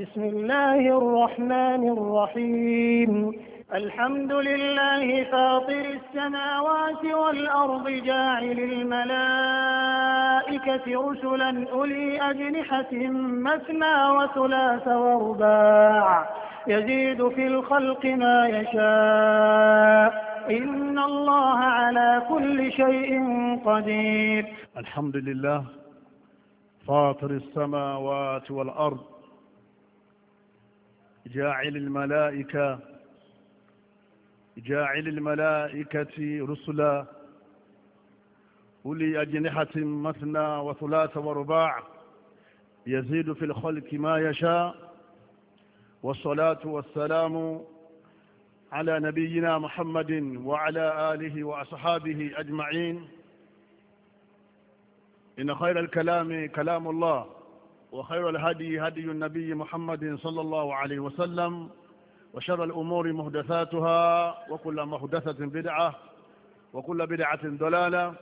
بسم الله الرحمن الرحيم الحمد لله فاطر السماوات والأرض جاعل الملائكة رسلا أولي أجنحة مثنى وثلاث ورباع يزيد في الخلق ما يشاء إن الله على كل شيء قدير الحمد لله فاطر السماوات والأرض جاعل الملائكة جاعل الملائكة رسلا أولي أجنحة مثنى وثلاث ورباع يزيد في الخلق ما يشاء والصلاة والسلام على نبينا محمد وعلى آله وأصحابه أجمعين إن خير الكلام كلام الله وخير الهدي هدي النبي محمد صلى الله عليه وسلم وشر الأمور مهدثاتها وكل مهدثة بدعة وكل بدعة ضلالة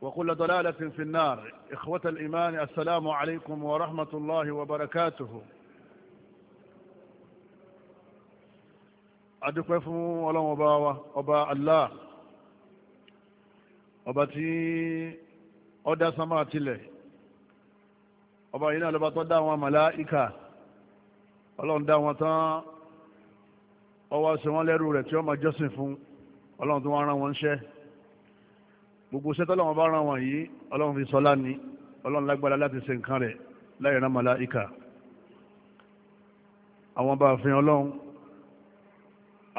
وكل ضلالة في النار إخوة الإيمان السلام عليكم ورحمة الله وبركاته أدقفوا fún ọlọ́run أبا الله أبتي أدى سماتي tí ọba yìí náà lọ́ba tó dá àwọn màláíkà ọlọ́run dá wọn tán ọwọ́ sọ wọn lẹ́rú rẹ̀ tí wọ́n máa jọ́sìn fún ọlọ́run tó wọ́n rán wọn ṣẹ́ gbogbo ṣẹ́ tọ́lọ́wọ́n bá rán wọn yìí ọlọ́run fi sọlá ni ọlọ́run lágbára láti ṣe nǹkan rẹ̀ láì rán màláíkà àwọn bá fi ọlọ́run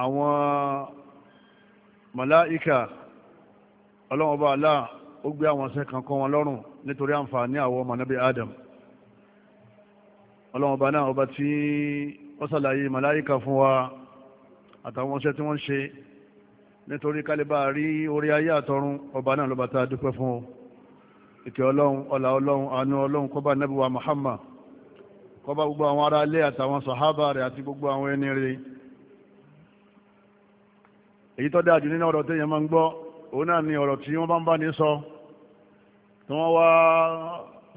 àwọn màláíkà ọlọ́run ọba àlá ó gbé àwọn ṣẹ́ kan kọ́ wọn lọ́rùn nítorí àǹfààní àwọn ọmọ nábì Adam ọlọ́run ọba náà ọba tí ó ṣàlàyé màláíkà fún wa àtàwọn iṣẹ́ tí wọ́n ń ṣe nítorí kálíbà rí orí ayé àtọ̀run ọba náà lọ́ba tá a dúpẹ́ fún ìkẹ́ ọlọ́run ọlà ọlọ́run àánú ọlọ́run kọ́ba nábì wa Muhammad kọ́ba gbogbo àwọn ará ilé àtàwọn sàhábà rẹ̀ àti gbogbo àwọn ẹni rẹ̀ èyí tó dáa jù nínú ọ̀rọ̀ téèyàn máa ń gbọ́ òun náà ni ọ̀rọ̀ tí wọ́n bá ń bá ní sọ tí wọ́n wá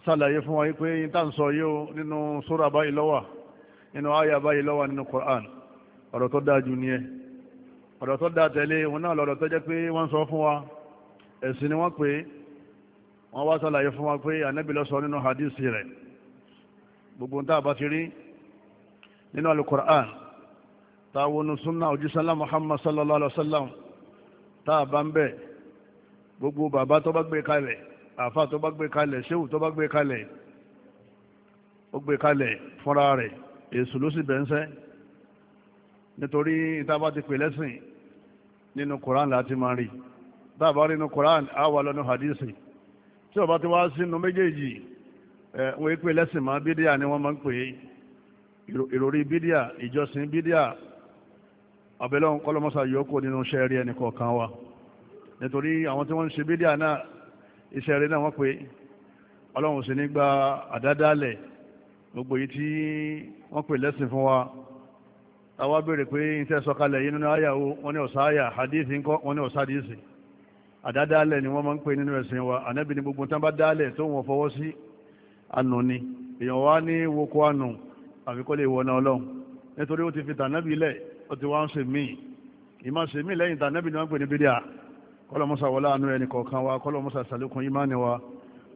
sàlàyé fún wa pé yín tá ń sọ yóò nínú sóra báyìí lọ́wà nínú àyà báyìí lọ́wà nínú Qur'an ọ̀rọ̀ tó dáa jù ní ẹ ọ̀rọ̀ tó dáa tẹ̀lé wọn náà lọ́rọ̀ tó jẹ́ pé wọ́n sọ fún wa ẹ̀sìn ni wọ́n pè wọ́n wá sàlàyé fún wa pé ànábì ló sọ nínú hadith rẹ̀ gbogbo tá a bá ti rí nínú alukur'an tàwọn sunna òjísánlá muhammad sallallahu alaihi wasallam tá a bá ń bẹ̀ gbogbo bàbá tó bá gbé kalẹ̀ àfa tó bá gbé kalẹ̀ ṣéwù tó bá gbé kalẹ̀ ó gbé kalẹ̀ fúnra rẹ̀ èṣù ló sì bẹ́ńsẹ́ nítorí ìta bá ti pè lẹ́sìn nínú koran láti máa rí tá a bá rí nínú koran á wà lọ́nu hadisi tí ó bá ti wá sínú méjèèjì ẹ̀ wọ́n pè lẹ́sìn máa bídíà ni wọ́n máa ń pè é ìròrí bídíà ìjọsìn bídíà abẹ́lẹ́ òun kọ́lọ́mọ́sá yòókù nínú iṣẹ́ ẹnì kọ̀ọ̀kan wa nítorí àwọn tí wọ́n ń ṣe bídíà náà iṣẹ́ rẹ̀ náà wọ́n pé ọlọ́run sì ní gba àdádálẹ̀ gbogbo yìí tí wọ́n pè lẹ́sìn fún wa àwa béèrè pé iṣẹ́ sọ̀kalẹ̀ yìí nínú àyà wọ́n ní ọ̀sá àyà hadithi ńkọ́ wọ́n ní ọ̀sá àdìsí àdádálẹ̀ ni wọ́n máa ń pè nínú ẹ̀sìn wa ànábì ní gbogbo tán bá dálẹ̀ tó wọ́n fọwọ́ sí ànú ni èèyàn wá ní woko ànú àfikọ́ lè wọ̀nà ọlọ́run nítorí ó ti fi tànábì lẹ̀ ó ti wá ń ṣe míì ìmọ̀ ṣe míì lẹ́yìn tànábì ni wọ́n pè ní bídíà kọlọmọsà wọlá àánú ẹni kọ̀ọ̀kan wa kọlọmọsà sàlékún ìmáni wa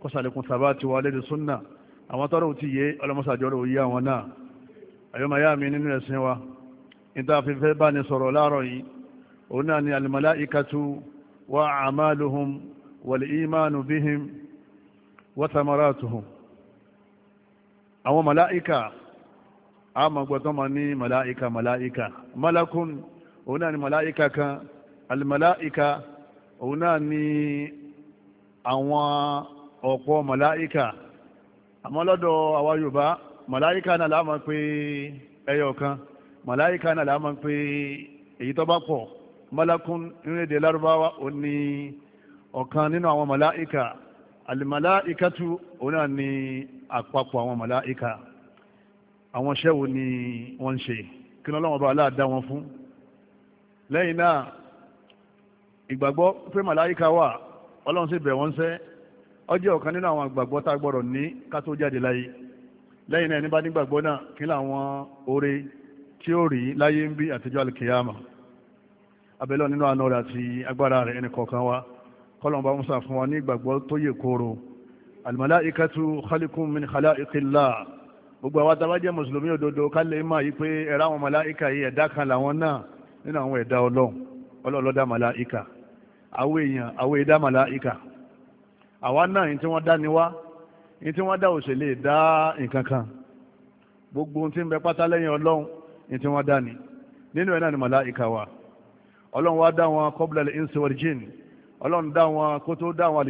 kọsàlékún sàbáàtì wa lédè súnà àwọn tọ́rọ ti yé ọlọmọsà jọrọ òyí àwọn náà àyọmọ̀yá mi nínú ẹ̀sìn wa níta fífẹ́ bá ní sọ̀rọ̀ láàárọ̀ yìí òun náà ni almalaikatu wa amaluhum wal imanu bihim wa thamaratuhum àwọn màláìka a ma gbọ́tọ́ ma ní màláìka màláìka malakun òun náà ni màláìka kan almalaika òun náà ni àwọn ọ̀pọ̀ màláíkà àmọ́ lọ́dọ̀ àwa Yorùbá màláíkà náà la máa ẹyọ kan màláíkà náà la máa èyí tó bá pọ̀ malakun nínú èdè Lárúbáwá òun ni ọ̀kan nínú àwọn màláíkà àlìmàláíkàtú òun náà ni àpapọ̀ àwọn màláíkà àwọn iṣẹ́ wo ni wọ́n ń ṣe kí ni ọlọ́wọ́n bá aláàdá wọn fún lẹ́yìn náà ìgbàgbọ́ pé màláyíká wà ọlọ́run sì bẹ̀ wọ́n sẹ́ ọjọ́ ọ̀kan nínú àwọn ìgbàgbọ́ tá a gbọ́dọ̀ ní ká tó jáde láyé lẹ́yìn náà ẹni bá nígbàgbọ́ náà kí láwọn oore tí ó rí láyé ń bí àtijọ́ alìkìyàmà abẹ́lọ́ nínú àna rẹ̀ àti agbára rẹ̀ ẹnì kọ̀ọ̀kan wa kọ́lọ̀ bá musa fún wa ní ìgbàgbọ́ tó yè kóró almalaikatu khaliqun min khalaiqillah gbogbo àwọn tabajẹ́ mùsùlùmí òdodo kálẹ̀ ìmọ̀ yìí pé ẹ̀rọ àwọn màláìka yìí ẹ̀dá kan làwọn náà nínú àwọn ẹ̀dá ọlọ́run ọlọ́ọ̀lọ́dá màláìka àwọn èèyàn àwọn èdè màláìka àwa náà ní tí wọ́n dá ni wá ní tí wọ́n dá ò sì lè dá gbogbo tí ń bẹ pátá lẹ́yìn ọlọ́run ní tí wọ́n dá ni nínú ẹ̀ wa ọlọ́run dá wọn lè ń wọ́n jìn ọlọ́run dá wọn kó tó dá wa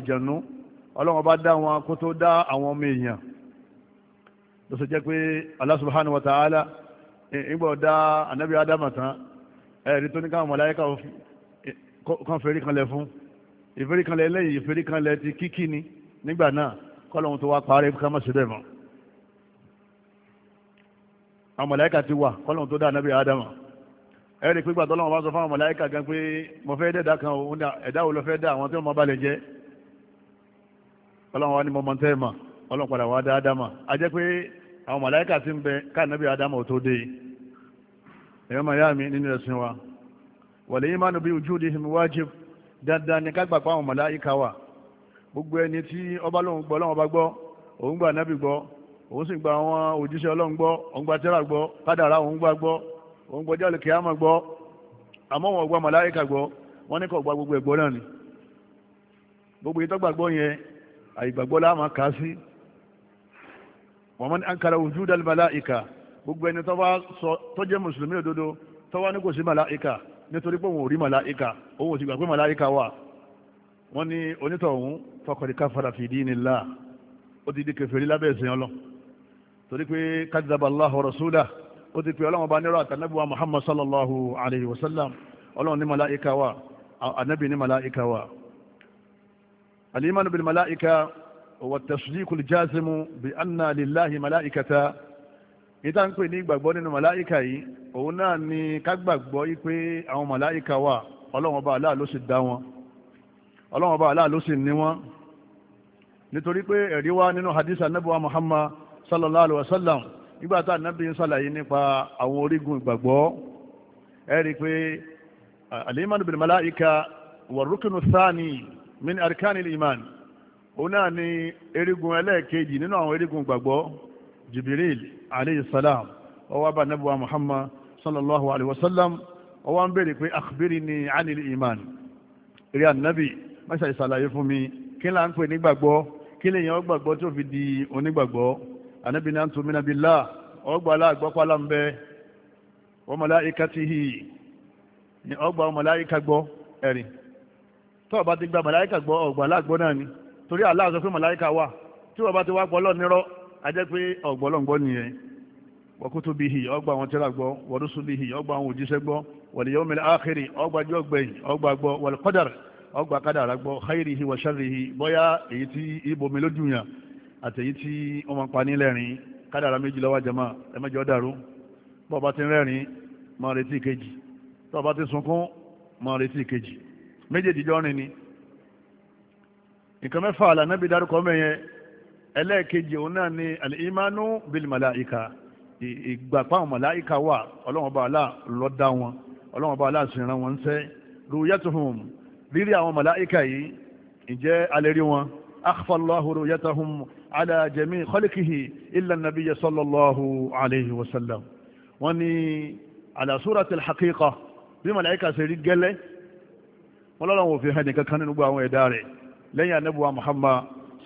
ìgbọ̀ dá adama kan fèrè kanlẹ̀ fún ìfèrè kanlẹ̀ lẹ́yìn ìfèrè kanlẹ̀ ti kíkí ni nígbà náà kọ́lọ́hún tó wá parí ká má ṣe bẹ́ẹ̀ mọ́ àwọn mọ̀láìkà ti wà kọ́lọ́hún tó dá anábì ádámà ẹ̀rí pípa tọ́lọ́wọ́n bá sọ fún àwọn mọ̀láìkà gan pé mo fẹ́ dẹ́dá kan òun ẹ̀dá wo ló fẹ́ dá àwọn tí wọ́n máa balẹ̀ jẹ́ ọlọ́run wa ni mo mọ tẹ́ ẹ mà ọlọ́run padà wá dá ádámà a jẹ́ pé àwọn mọ̀láìkà ti ń bẹ káànábì ádámà ò tó dé ẹ̀yọ́ màá yá mi nínú ẹ̀sìn wa wàlẹ̀ yìí máa nù bí wujudihim wájib dandan ní kágbà pa àwọn màláíkà wà gbogbo ẹni tí ọba lóun gbọ́ lọ́wọ́ bá gbọ́ òun gbà nábì gbọ́ òun sì gba àwọn òjíṣẹ́ ọlọ́run gbọ́ òun gba tẹ́rà gbọ́ kádàrá òun gbà gbọ́ òun gbọ́ jálè kíámà gbọ́ àmọ́ wọn gba màláíkà gbọ́ wọ́n ní kò gba gbogbo ẹ̀gbọ́ náà ni gbogbo ìtọ́gbàgbọ́ yẹn àìgbàgbọ́ láàmà kà á sí wọ́n mọ́ni ankara wujudal màláíkà gbogbo ẹni tó bá mùsùlùmí òdodo tó ní kò sí màláíkà nítorí pé òun ò rí màláìka òun ò sì gbà pé màláìka wà wọ́n ní onítọ̀hún faqad kafara fi dinillah ó ti di kèfèrí lábẹ́ ìsìn ọlọ́ torí pé kadhaba Allahu rasulahu ó ti pè ọlọ́run bá nírọ̀ àtànábíwá Muhammad sallallahu alayhi wa sallam ọlọ́run ní màláìka wà ànábì ní màláìka wà al-imanu bil wa at jazimu bi anna lillahi màláìkata ìta ń pè ní ìgbàgbọ́ nínú màláìka yìí òun náà ni ká gbàgbọ́ yìí pé àwọn màláìka wà ọlọ́wọ́n bá aláà ló sì dá wọn ọlọ́wọ́n bá aláà ló sì ní wọn nítorí pé ẹ̀rí wá nínú hadith anabi wa muhammad sallallahu alayhi wa sallam nígbà tá anabi ń sàlàyé nípa àwọn orígun ìgbàgbọ́ ẹ rí i pé alimanu bin màláìka wà rúkìnnù thani min arkani iman òun náà ni erigun ẹlẹ́ẹ̀kejì nínú àwọn erigun ìgbàgbọ́ jibril alayhi salam ọwọ́ bá nabuwa muhammad sallallahu alayhi wasallam, bèèrè pé ni iman rí ìsàlàyé fún mi kí ń pè nígbàgbọ́ kí lè yàn tó fi di onígbàgbọ́ náà tó mìíràn bí lá ọgbà aláàgbọ́pá ajẹ́ pé ọ̀gbọ́lọ́ngbọ́ nìyẹn wọ́kútù bí hì ọgbà àwọn tíra gbọ́ wọ́rúsù bí hì ọgbà àwọn òjíṣẹ́ gbọ́ wọ̀lẹ̀ yóò mẹ́lẹ̀ áàkiri ọgbà jọ gbẹ̀yìn ọgbà gbọ́ wọ̀lẹ̀ kọ́dàr ọgbà kádàrà gbọ́ xayiri hì wọ̀ṣẹ́rì hì bọ́yá èyí tí ibomi lójú yàn àtẹ̀yí tí pa kádàrà méjì lọ́wọ́ jama ẹ mẹ́jọ dàrú bọ́ọ̀ ti ẹlẹ́ẹ̀kejì òun náà ni alìmánú bilimalaika ìgbàpá àwọn màláìka wà ọlọ́wọ́n bá aláà lọ́dá wọn ọlọ́wọ́n bá aláà sì ran wọn ṣẹ́ ruyatuhum rírí àwọn màláìka yìí ǹjẹ́ alẹ́rí wọn akhfallahu ruyatahum ala jami khalikihi illa nabiyya sallallahu alayhi wa sallam wọ́n ní ala surati alhaqiqa bí màláìka ṣe rí gẹ́lẹ́ wọ́n lọ́wọ́n òfin hàn nìkan kan nínú gbogbo àwọn ẹ̀dá rẹ̀ lẹ́yìn anábùwà muhammad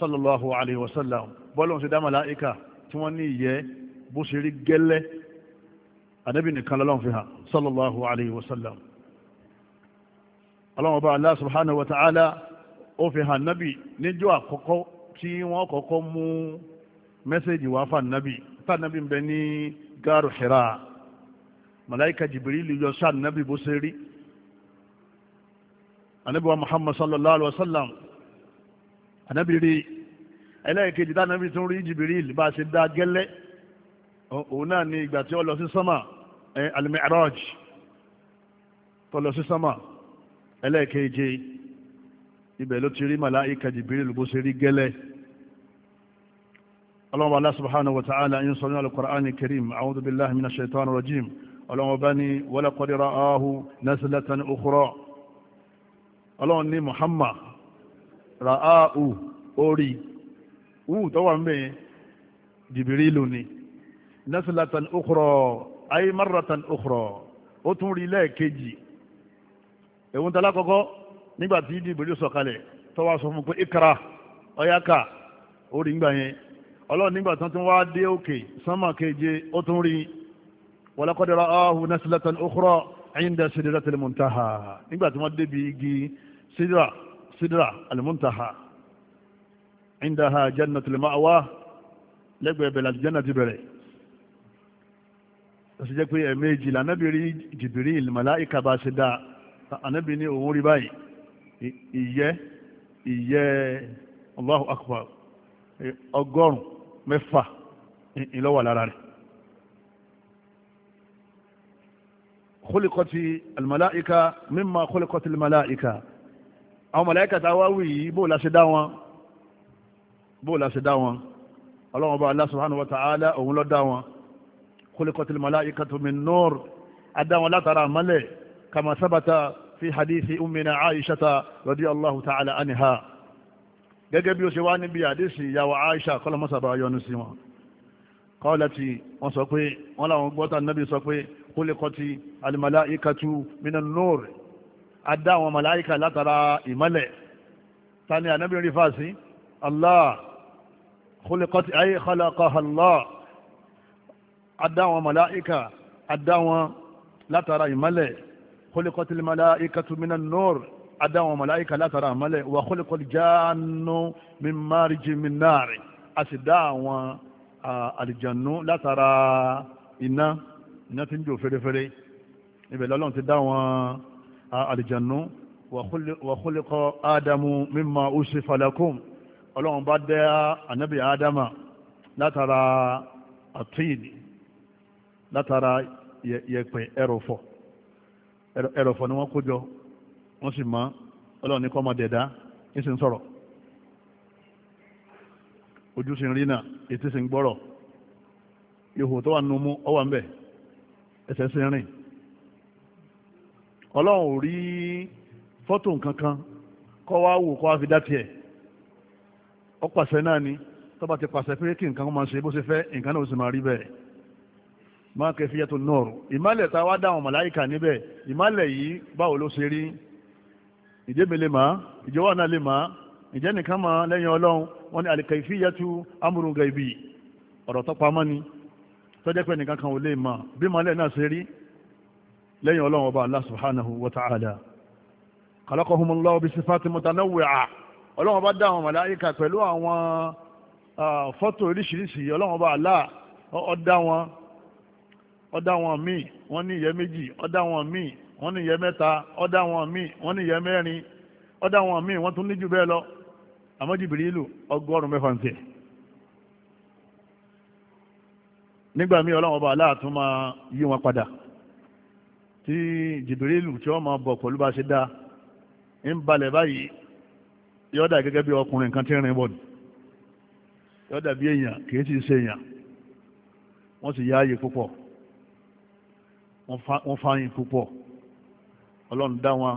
sallallahu alayhi wa sallam bọ́lọ̀ ṣe dá màláíkà tí wọ́n ní ìyẹ́ bó ṣe rí gẹ́lẹ́ ànábì nìkan lọ́lọ́n fi hàn sallallahu alayhi wa sallam ọlọ́run ọba Allah subhanahu wa ta'ala ó fi hàn nábì níjọ́ àkọ́kọ́ tí wọ́n kọ́kọ́ mú mẹ́sẹ̀jì wá fà nábì tá nábì ń bẹ ní gáàrù Hira màláíkà Jibrilu yọ sáà nábì bó ṣe rí ànábì wa Muhammad sallallahu alayhi wa sallam rí ẹlẹ́ẹ̀kejì tá nàbí tún rí jìbìrìl bá a ṣe dá gẹ́lẹ́ òun náà ni ìgbà tí ó lọ sí sánmà al-Mi'raj tó lọ sí sánmà ẹlẹ́ẹ̀keje ibẹ̀ ló ti rí màláìka jìbìrìl bó ṣe rí gẹ́lẹ́ ọlọ́run Allah subhanahu wa ta'ala ń sọ ní al-Qur'an al-Karim a'udhu billahi minash shaitani rajim ọlọ́run bá ní walaqad ra'ahu nazlatan ukhra ọlọ́run ní Muhammad ra'ahu orí wúù tó wà ń bẹ̀ yẹn jìbìrìlù ni nasilatan ukhra ay marratan ukhra ó tún rí lẹ́ẹ̀kejì èwùn tala kọ́kọ́ nígbà tí jìbìrìlù sọ̀kalẹ̀ tó wá sọ fún pé ikra ọ̀yáka ó rí gbà yẹn ọlọ́run nígbà tó tún wá dé òkè sánmà keje ó tún rí walaqad ra'ahu nasilatan ukhra inda sidratil muntaha nígbà tí wọ́n débi igi sidra sidra al muntaha indaha jannatul ma'wa lẹ́gbẹ̀ẹ́ bẹ̀rẹ̀ àti jẹ́nà ti bẹ̀rẹ̀ ó sì jẹ́ pé ẹ̀ẹ̀mejì lànàbì rí Jibril màláìka bá ṣe dáa ànàbì ní òun rí báyìí ìyẹ́ ìyẹ́ Allahu akbar ọgọ́rùn mẹ́fà ìlọ́wà lára rẹ̀ khuliqati al-mala'ika mimma khuliqati al-mala'ika àwọn màláìka tá a wá wí yìí bó la ṣe dá wọn bó la ṣe dá wọn ọlọ́wọ́n bá Allah subhanahu wa ta'ala òun ló dá wọn khuliqatil malaikatu min nur adá wọn látara àmọ́lẹ̀ kama sabata fi hadithi ummina aishata radiyallahu ta'ala anha gẹ́gẹ́ bí ó ṣe wá níbi àdísì ìyàwó aisha kọlọmọ́sàbà yọnu sí wọn kọ́ọ̀lẹ́tì wọ́n sọ pé wọ́n láwọn gbọ́ta nábi sọ pé khuliqati al-malaikatu minan nur adá àwọn màláíkà látara ìmọ́lẹ̀ ta ni ànábìnrin fàásí allah kólẹ́kọ́tì ayé khalaqahallah adá wọn màláìka adá wọn látara ìmọ́lẹ̀ kólẹ́kọ́tì màláìkatu minan nur adá wọn màláìka látara ìmọ́lẹ̀ wà kólẹ́kọ́tì jáánu min marji min nar a sì dá àwọn àlìjànú látara iná iná tí ń jò fèrèfèrè ibẹ̀ lọ́lọ́run ti dá wọn àlìjànú wà kólẹ́kọ́ ádámù mimma usifa lakum ọlọ́run bá dá ànábì ádámà látara àtúnyìnì látara yẹ̀pẹ̀ ẹrọ̀fọ̀ ẹrọ̀fọ̀ ni wọ́n kójọ wọ́n sì máa ọlọ́run ní kọ́ dẹ̀dá ní sì ń sọ̀rọ̀ ojú ihò tó wà nínú kankan kọ́ wò kọ́ ó pàṣẹ náà ni tó bá ti pàṣẹ pé kí nǹkan máa ṣe bó ṣe fẹ́ nǹkan náà ó sì máa rí bẹ́ẹ̀ máa kẹfì yẹtò nọ́ọ̀rù ìmálẹ̀ tá a wá dáhùn màláìkà níbẹ̀ ìmálẹ̀ yìí báwo ló ṣe rí ìdí mi lè má ìjọwọ́ náà lè má ìjẹ́ nìkan máa lẹ́yìn ọlọ́run wọ́n ní àlìkàìfì yẹtù amúrun gàìbì ọ̀rọ̀ tó pamọ́ ni tọ́jẹ́ pé nìkan kan ò lè má bí ìmálẹ̀ náà ṣe rí lẹ́yìn ọlọ́run ọba Allah subhanahu wa ta'ala khalaqahumullahu bi sifatin mutanawwi'ah ọlọ́wọ́n bá dá àwọn màláíkà pẹ̀lú àwọn fọ́tò oríṣiríṣi ọlọ́wọ́n bá àlá ọ̀dá wọn ọ̀dá wọn míì wọ́n ní ìyẹ́ méjì ọ̀dá wọn míì wọ́n ní ìyẹ́ mẹ́ta ọ̀dá wọn míì wọ́n ní ìyẹ́ mẹ́rin ọ̀dá wọn míì wọ́n tún ní jù bẹ́ẹ̀ lọ àmọ́ Jìbìrìlù ọgọ́rùn-ún mẹ́fà ń tẹ̀. nígbà míì ọlọ́wọ́n bá àlá tún máa yí wọn padà tí Jìbìrìlù tí wọ́n máa bọ̀ pẹ̀lú bá ṣe dáa ń balẹ̀ báyìí yóò dà gẹ́gẹ́ bí ọkùnrin kan tí ń rìn bọ̀dù yóò dà bí èèyàn kìí ti ṣe èèyàn wọ́n sì yáàyè púpọ̀ wọ́n fáyín púpọ̀ ọlọ́run dá wọn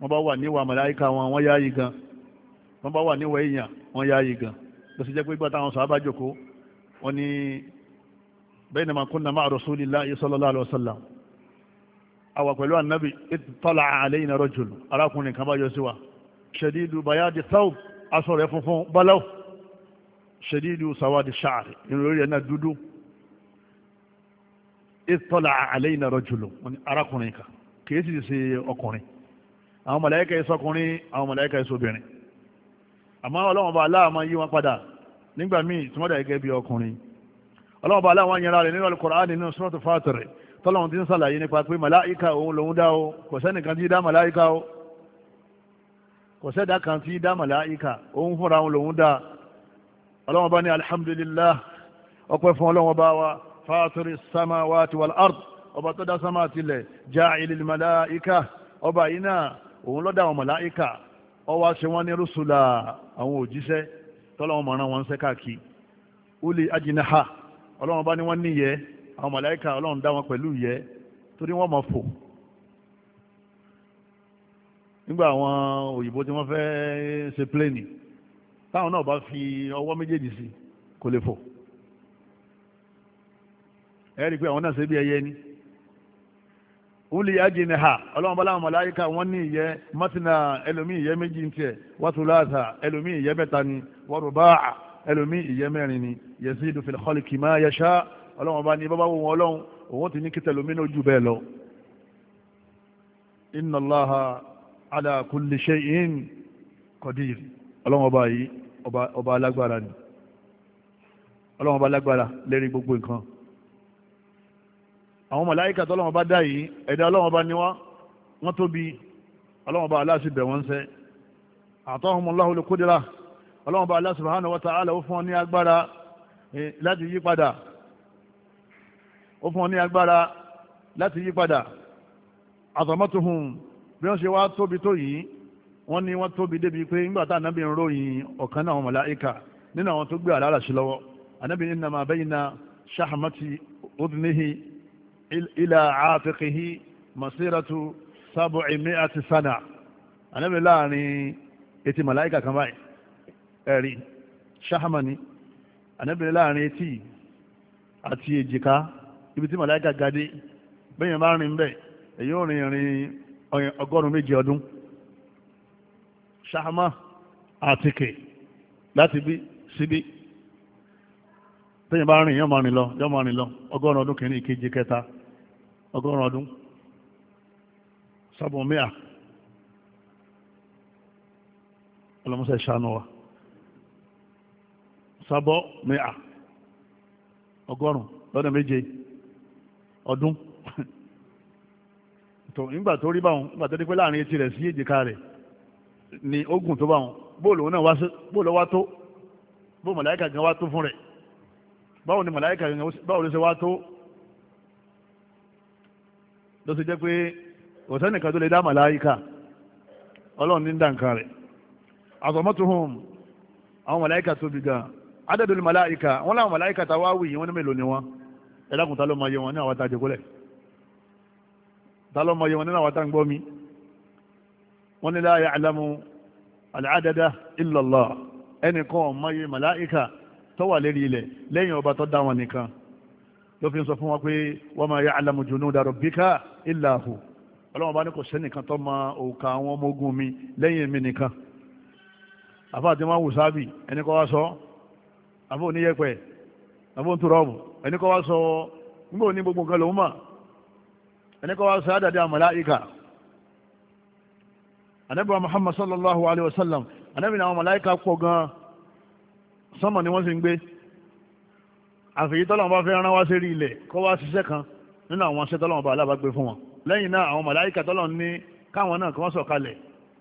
wọ́n bá wà níwà màláíkà wọn wọ́n yáàyè gan wọ́n bá wà níwà èèyàn wọ́n yáàyè gan bó ṣe jẹ́ pé gbọ́ta àwọn sàábà jókòó wọ́n ní bainama kunna ma'a rasulillahi sallallahu alaihi wasallam àwa pẹ̀lú ànábì ittala alayna rajul arákùnrin kan bá yọ sí wa ṣẹ̀dídù bayáde sáwù aṣọ rẹ̀ funfun báláwù ṣẹ̀dídù sàwádìí ṣáàrì irun orí ẹ̀ náà dúdú ìtọ́là àlẹ́yìnà rọ́jùlù arákùnrin kan kìí sì ṣe ọkùnrin àwọn màláíkà ìsọkùnrin àwọn màláíkà ìsọbìnrin àmọ́ ọlọ́wọ́n bá aláàmọ́ yí wọn padà nígbà míì tí wọ́n dà gẹ́gẹ́ bí ọkùnrin ọlọ́wọ́n bá aláwọ̀ yẹra rẹ̀ nínú Al-Qur'an nínú Suratul Fatir tọ́lọ́wọ́n ti ń sàlàyé nípa pé màláíkà òun lòún dá o kò sẹ́nìkan tí dá màláíkà o kò sẹ́dá kan tí dá màláìka òun fúnra òun lòun dá ọlọ́wọ́n bá ní alhamdulillah ọpẹ́ fún ọlọ́wọ́n bá wa fatiri samawati wal ard ọba tó dá sama tilẹ̀ ja'ilil màláìka ọba yìí òun ló dá màláìka ó wá ṣe wọ́n ní rúṣùlà àwọn òjíṣẹ́ tọ́lọ́wọ́n mọ̀ràn wọn ṣẹ́ káàkiri uli ajinaha ọlọ́wọ́n bá ní wọ́n níyẹ́ àwọn màláìka ọlọ́run dá wọn pẹ̀lú ìyẹ́ torí wọ́n máa fò nígbà àwọn òyìnbó tí wọ́n fẹ́ ṣe pléènì táwọn náà bá fi ọwọ́ méjèèjì sí kò lè fò ẹ rí i pé àwọn náà ṣe bí ẹyẹ ni ha ọlọ́run bọ́lá àwọn màláíkà wọ́n ní ìyẹ́ mọ́tìnà ẹlòmíì ìyẹ́ méjì ń tiẹ̀ wàtúláàtà ẹlòmíì ìyẹ́ mẹ́ta ni wàrúbáà ẹlòmíì ìyẹ́ mẹ́rin ni yazidu fil khalqi ma yasha ọlọ́run bá ní bábá wo wọn ọlọ́run òun ti ní kí tẹlòmíì náà bẹ́ẹ̀ lọ. ala kulli shay'in qadir ọlọ́wọ́n ọba yìí ọba alágbára ni ọlọ́wọ́n ọba alágbára lérí gbogbo nǹkan àwọn màláíkà tó ọlọ́wọ́n ọba dá yìí ẹ̀dá ọlọ́wọ́n ọba ni wá wọ́n tóbi ọlọ́wọ́n ọba aláṣẹ bẹ̀ wọ́n sẹ́ atahumullahu al-qudrah ọlọ́wọ́n ọba Allah subhanahu wa ta'ala ó fún ọ ní agbára eh, láti yí padà ó fún ọ ní agbára láti yí padà azamatuhum bí wọ́n ṣe wá tóbi tó yìí wọ́n ní wọ́n tóbi débi pé nígbà tá ànábì ń ròyìn ọ̀kan náà àwọn màláíkà nínú àwọn tó gbé àlàlà sí lọ́wọ́ ànábì ní nàmà bayna ṣahamati udnihi ila aafiqihi masiratu sana ànábì láàrin etí màláíkà kan báyìí ẹ̀rí ṣahamani ànábì láàrin etí àti èjìká ibi tí màláíkà bẹ́yìn bá rìn bẹ́ẹ̀ èyí ò rìn rìn ọgọ́rùn-ún méje ọdún ṣahama àtìkè láti bí síbí tẹ́yìn bá rìn yọ́n máa rìn lọ yọ́n máa rìn lọ ọgọ́rùn-ún ọdún kìíní ìkejì kẹta ọgọ́rùn-ún ọdún sábọ̀n mẹ́à ọlọ́mọṣẹ́ ṣàánú wa sábọ̀ ọgọ́rùn tó nígbà tó rí báwọn nígbà tó ní pé láàrin etí rẹ̀ sí èjìká rẹ̀ ni ogun tó báwọn bóòlù òun náà wá sí bóòlù wá tó bóòlù màláìka gan wá tó fún rẹ̀ báwo ni màláìka gan báwo ló ṣe wá tó ló ṣe jẹ́ pé kò sẹ́nìkan tó lè dá màláìka ọlọ́run ní dànkà rẹ̀ azamatuhum àwọn màláìka tóbi gan adadul màláìka wọn làwọn màláìka wì wọn ní mélòó ni wọn tálọ́mọ yẹn wọn nínú àwọn táǹgbọ́ mi wọ́n ní la ya'lamu al-'adada illa Allah ẹnìkan ọ̀mọye malaika tó wà lérí ilẹ̀ lẹ́yìn ọba tó dá wọn nìkan ló fi ń sọ fún wa pé wa ma ya'lamu junuda rabbika illa hu ọlọ́wọ́n bá ní kò sẹ́nìkan tó mọ òkà àwọn ọmọ ogun mi lẹ́yìn mi nìkan àfa àti wọn wù wa ẹni kọ́ wá sọ àfọ oníyẹpẹ àfọ ntúrọ́ọ̀bù ẹni kọ́ wá sọ nígbà oní gbogbo nǹkan lòún mọ̀ ẹnikọ́ wa sáádà dá màláìka anábìwa muhammad sallallahu alayhi wa sallam anábìwa àwọn màláìka pọ̀ gan sánmà ni wọ́n sì ń gbé àfẹ́yí tọ́lọ́wọ́n bá fẹ́ rán wá sí rí ilẹ̀ kọ́ wá ṣiṣẹ́ kan nínú àwọn aṣẹ́ tọ́lọ́wọ́n bá alábàgbé fún wọn lẹ́yìn náà àwọn màláìka tọ́lọ́wọ́n ní káwọn náà kí wọ́n sọ̀kalẹ̀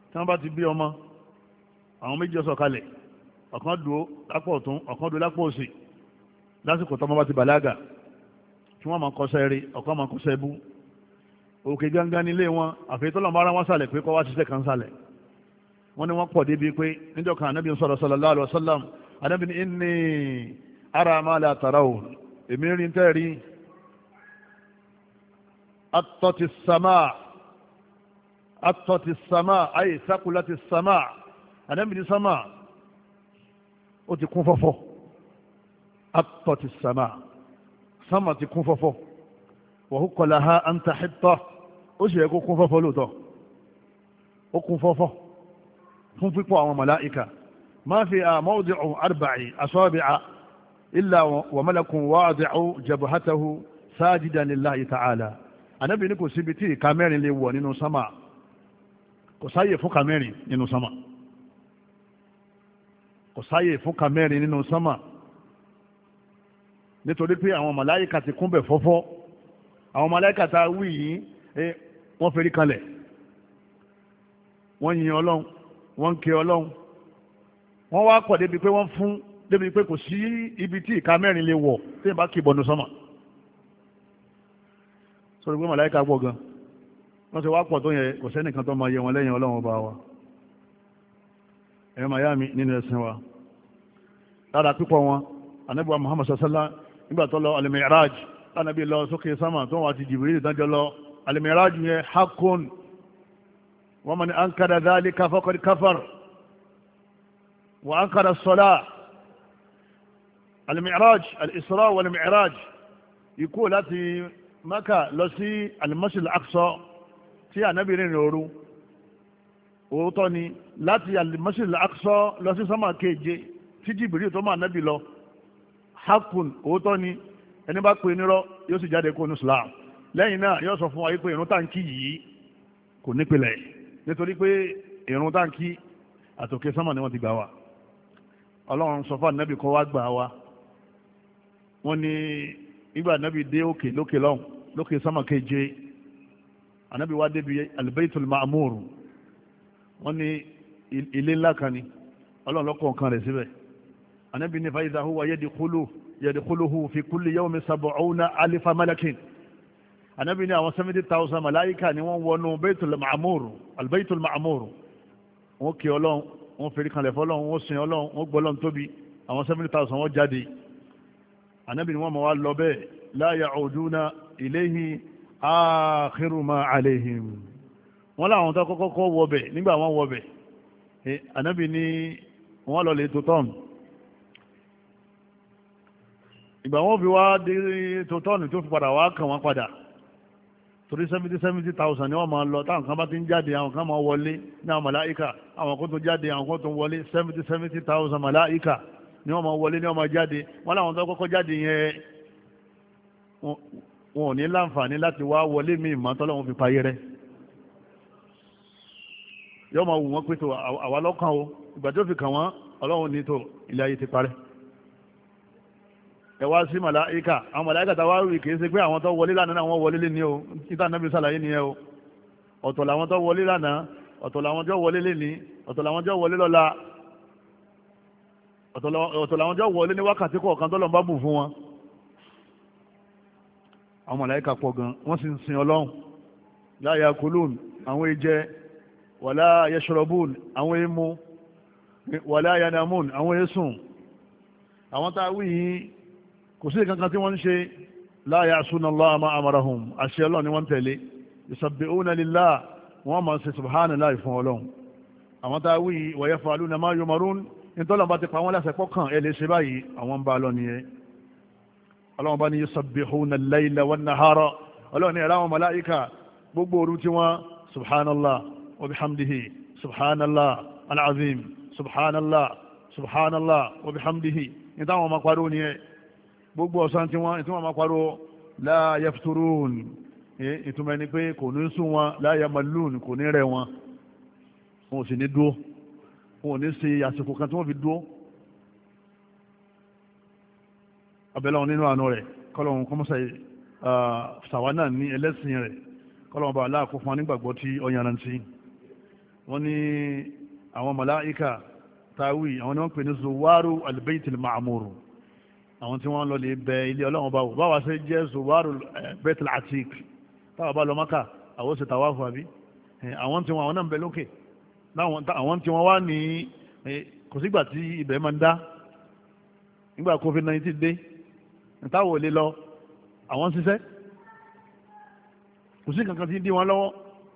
tí wọ́n bá ti bí ọmọ àwọn méjì sọ̀kalẹ̀ ọ̀kan dúró lápò ọ̀tún ọ̀kan dúró lápò òsì lásìkò tọ́mọ bá ti bàlágà tí wọ́n máa kọ́ṣẹ́ rí ọ̀kan máa kọ́ṣẹ́ bú òkè gangan nílé wọn àfi tó lọ́mọ ara wọn sàlẹ̀ pé kọ́ wá ṣiṣẹ́ kan sàlẹ̀ wọ́n ní wọ́n pọ̀ débi pé níjọ́ kan anábì ń sọ̀rọ̀ sallallahu alaihi wasallam anábì ní inni ara ma la tarawun èmi rí tẹ́rí atọ́tí sàmà atọ́tí sàmà ayé sákúlátí sàmà anábì ní sàmà ó ti kún fọ́fọ́ atọ́tí sàmà sàmà ti kún fọ́fọ́ wa huqqalaha an tahitta ó sì yẹ kó kún fọ́fọ́ lóòótọ́ ó kún fọ́fọ́ fún pípọ̀ àwọn màláìka máa fi mawdi'u arba'i asabi'a illa wa malakun wadi'u jabhatahu sajidan lillahi ta'ala ànábì ní kò síbi tí ìka mẹ́rin lè wọ̀ nínú sámà kò sáyè fún ka nínú sámà kò sáyè fún ka nínú sámà nítorí pé àwọn màláìka ti kúnbẹ̀ fọ́fọ́ àwọn màláìka ta wí yìí wọ́n fẹ́rí kalẹ̀ wọ́n yin ọlọ́run wọ́n ń ké ọlọ́run wọ́n wá pọ̀ débi pé wọ́n fún débi pé kò sí ibi tí ìka mẹ́rin lè wọ̀ tí ìbá kì í bọ̀nù sọ́mọ̀ sọ̀rọ̀ pé màláìka pọ̀ gan wọ́n ti wá pọ̀ tó yẹ kò sẹ́nìkan tó máa yẹ wọn lẹ́yìn ọlọ́run ọba wa ẹ̀yọ́ màyá mi nínú ẹ̀sìn wa lára pípọ̀ wọn anábíwá Muhammad sallallahu nígbà tó lọ al-Mi'raj lánàbí lọ sókè sámà tó wà ti Jibril ìdájọ́ lọ alìmìírájú yẹn hakun wọ́n mọ̀ ní ankara záàlì káfọ́kọ̀dì káfàr wọ́n ankara sọ́lá alìmìírájú alìsọ́rọ̀ wọ́n alìmìírájú ikú láti maka lọ sí alìmọ́sílì aksọ tí ànábìrin rẹ̀ ooru òótọ́ ni láti alìmọ́sílì aksọ lọ sí sọ́mà keje tí jìbìrì tó máa nábì lọ hakun òótọ́ ni ẹni bá pè nírọ́ yóò sì jáde kó nù sùlámù lẹ́yìn náà yóò sọ fún wa pé ìrun táǹkì yìí kò nípìnlẹ̀ nítorí pé ìrun táǹkì àtòkè sánmà ni wọ́n ti gbà wá ọlọ́run sọ fún ànábì kọ́ wá gbà wá wọ́n ní nígbà ànábì dé òkè lókè lọ́hùn lókè sánmà keje ànábì wá débi al-Baytul Ma'mur wọ́n ní ilé ńlá kan ni ọlọ́run lọ́kọ̀ kan rẹ̀ síbẹ̀ ànábì ní fa idha huwa yadkhulu yadkhuluhu fi kulli yawmin sab'una alifa malakin anabi ní àwọn seventy thousand malaika ni wọ́n wọnú baitul ma'amur albaitul ma'amur wọ́n kí ọlọ́run wọ́n fèrè kanlẹ̀ fọlọ́run wọ́n sin ọlọ́run wọ́n gbọ́ ọlọ́run tóbi àwọn seventy thousand wọ́n jáde anabi ni wọ́n mọ̀ wá lọ bẹ́ẹ̀ la ya'uduna ilayhi akhiru ma alayhim wọ́n láwọn tó kọ́kọ́ kọ́ wọbẹ̀ nígbà wọ́n wọbẹ̀ anabi ni wọ́n lọ lè tó ìgbà wọn fi wá dé tó tó fi padà wá kàn wọ́n padà torí 70 70 thousand ni wọ́n máa lọ táwọn kan bá ti ń jáde àwọn kan máa wọlé ní àwọn màláìka àwọn kan tó jáde àwọn kan tó wọlé seventy seventy thousand màláìka ni wọ́n máa wọlé ni wọ́n máa jáde wọ́n láwọn tó kọ́kọ́ jáde yẹn wọn ò ní láǹfààní láti wá wọlé mi ìmọ̀ tọ́lọ́wọ́n fi payé rẹ̀ yọ́ máa wù wọ́n pé tó àwa lọ́kàn o ìgbà tó fi kàn wọ́n ọlọ́run ní tó ilé ayé ti parẹ́ ẹ wá sí màláìka àwọn màláìka tá a wá rí kìí ṣe pé àwọn tó wọlé lánàá àwọn wọlé lé ní o títà nàbí sàlàyé nìyẹn o ọ̀tọ̀ làwọn tó wọlé lánàá ọ̀tọ̀ làwọn tó wọlé lé ní ọ̀tọ̀ làwọn tó wọlé lọ́la ọ̀tọ̀ làwọn tó wọlé ní wákàtí kọ̀ọ̀kan tó lọ́n bá bù fún wọn. àwọn màláìka pọ̀ gan wọ́n sì ń sin ọlọ́run la yakulun àwọn ìjẹ wàlá yashrabun àwọn ìmu wàlá yanamun àwọn èsùn àwọn tá a yìí kò sí kankan tí wọ́n ń ṣe la ya'suna Allaha ma amarahum àṣẹ ọlọ́run ni wọ́n tẹ̀lé yusabbihuna lillah wọ́n máa ṣe subhanallahi fún ọlọ́run àwọn tá a wí wa yaf'aluna ma yu'marun nítọ́lọ́n bá ti pa wọ́n láṣẹ pọ́kàn ẹ̀ lè ṣe báyìí àwọn ń bá lọ nìyẹn ọlọ́run bá ní yusabbihuna al-layla wan wọ́n gbogbo ọ̀sán tí wọ́n tí wọ́n máa pariwo la yafturun ìtumọ̀ ẹni pé kò ní sún wọn la yamalun kò ní rẹ̀ wọn wọn ò sì ní dúó wọn ò ní ṣe àsìkò kan tí wọ́n fi dúó abẹ́lẹ́wọn nínú àánú rẹ̀ kọ́lọ́hún kọ́mọ́sà sàwa náà ní ẹlẹ́sìn rẹ̀ kọ́lọ́hún bá aláàkó fún wa nígbàgbọ́ tí ọ̀yanrantí wọ́n ní àwọn màláíkà táwì àwọn ni wọ́n pè ní zuwaru albaytil ma'amuru àwọn tí wọ́n lọ lè bẹ ilé ọlọ́run bá wò báwa ṣe jẹ́ zuwaru betel atik táwa bá lọ mọ́kà àwọn ṣe tàwa fún àbí àwọn tí wọ́n àwọn náà ń bẹ lókè àwọn tí wọ́n wá ní kò sígbà tí ibẹ̀ máa ń dá nígbà covid-19 dé táwọn ò lè lọ àwọn ṣiṣẹ́ kò sí kankan tí ń dí wọn lọ́wọ́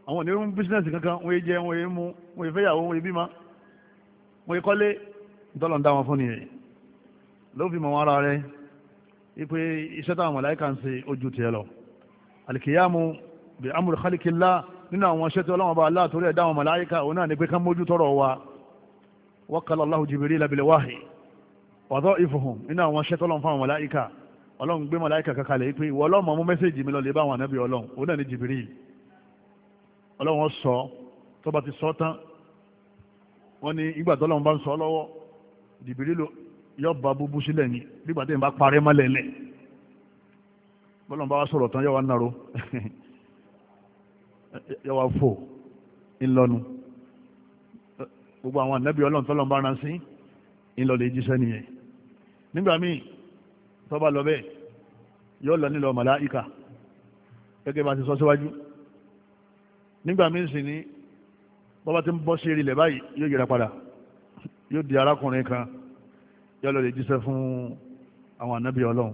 àwọn òní ń bísínẹ́sì kankan wọ́n yé jẹ wọ́n yé mú wọ́n yé fẹ́yàwó wọ́n yé bímọ wọ́n yé kọ́lé ìtọ́lọ̀ ń dá wọn fún nìyẹn ló fi mọ̀ ara rẹ̀ wípé iṣẹ́ táwọn màláíkà ń ṣe ojú tiẹ̀ lọ alikiyamu bi amúlù khalikilá nínú àwọn iṣẹ́ tí ọlọ́wọ́n bá aláà torí ẹ̀dá àwọn màláíkà òun náà ni pé kán mójú tọrọ wa wákàlá aláhu jìbìrí labilẹ̀ wáhì wàdọ́ ìfòhùn nínú àwọn iṣẹ́ tọ́lọ́n fáwọn màláíkà ọlọ́run gbé màláíkà kakalẹ̀ pé ìwọ ọlọ́run mú mẹ́sẹ̀jì mi lọ lè bá àwọn ànábì ọlọ́run òun náà ni jìbìrí ọlọ́run sọ tó bá ti sọ tán wọ́n ní ìgbà tọ́lọ́run bá ń sọ lọ́wọ́ jìbìrí yọ ba búbú sílẹ̀ ni nígbà tí n bá parẹ́ mọ́lẹ̀ lẹ̀ bọ́lá wa sọ̀rọ̀ tán yọ wa nàró yọ wa fò ńlọnu gbogbo àwọn ànábì ọlọ́run tọ́lọ́ ń bá ara sí ńlọlẹ̀ jíṣẹ́ nìyẹn nígbà míì tọ́ba lọ bẹ́ẹ̀ yọ lọ nílọ màláìka gẹ́gẹ́ bá ti sọ síwájú nígbà míì sì ni bọ́ba ti ń bọ́ sí eré ilẹ̀ báyìí yóò yẹra padà yóò di arákùnrin kan yọ lọ lè jíṣẹ́ fún àwọn ànábì ọlọ́run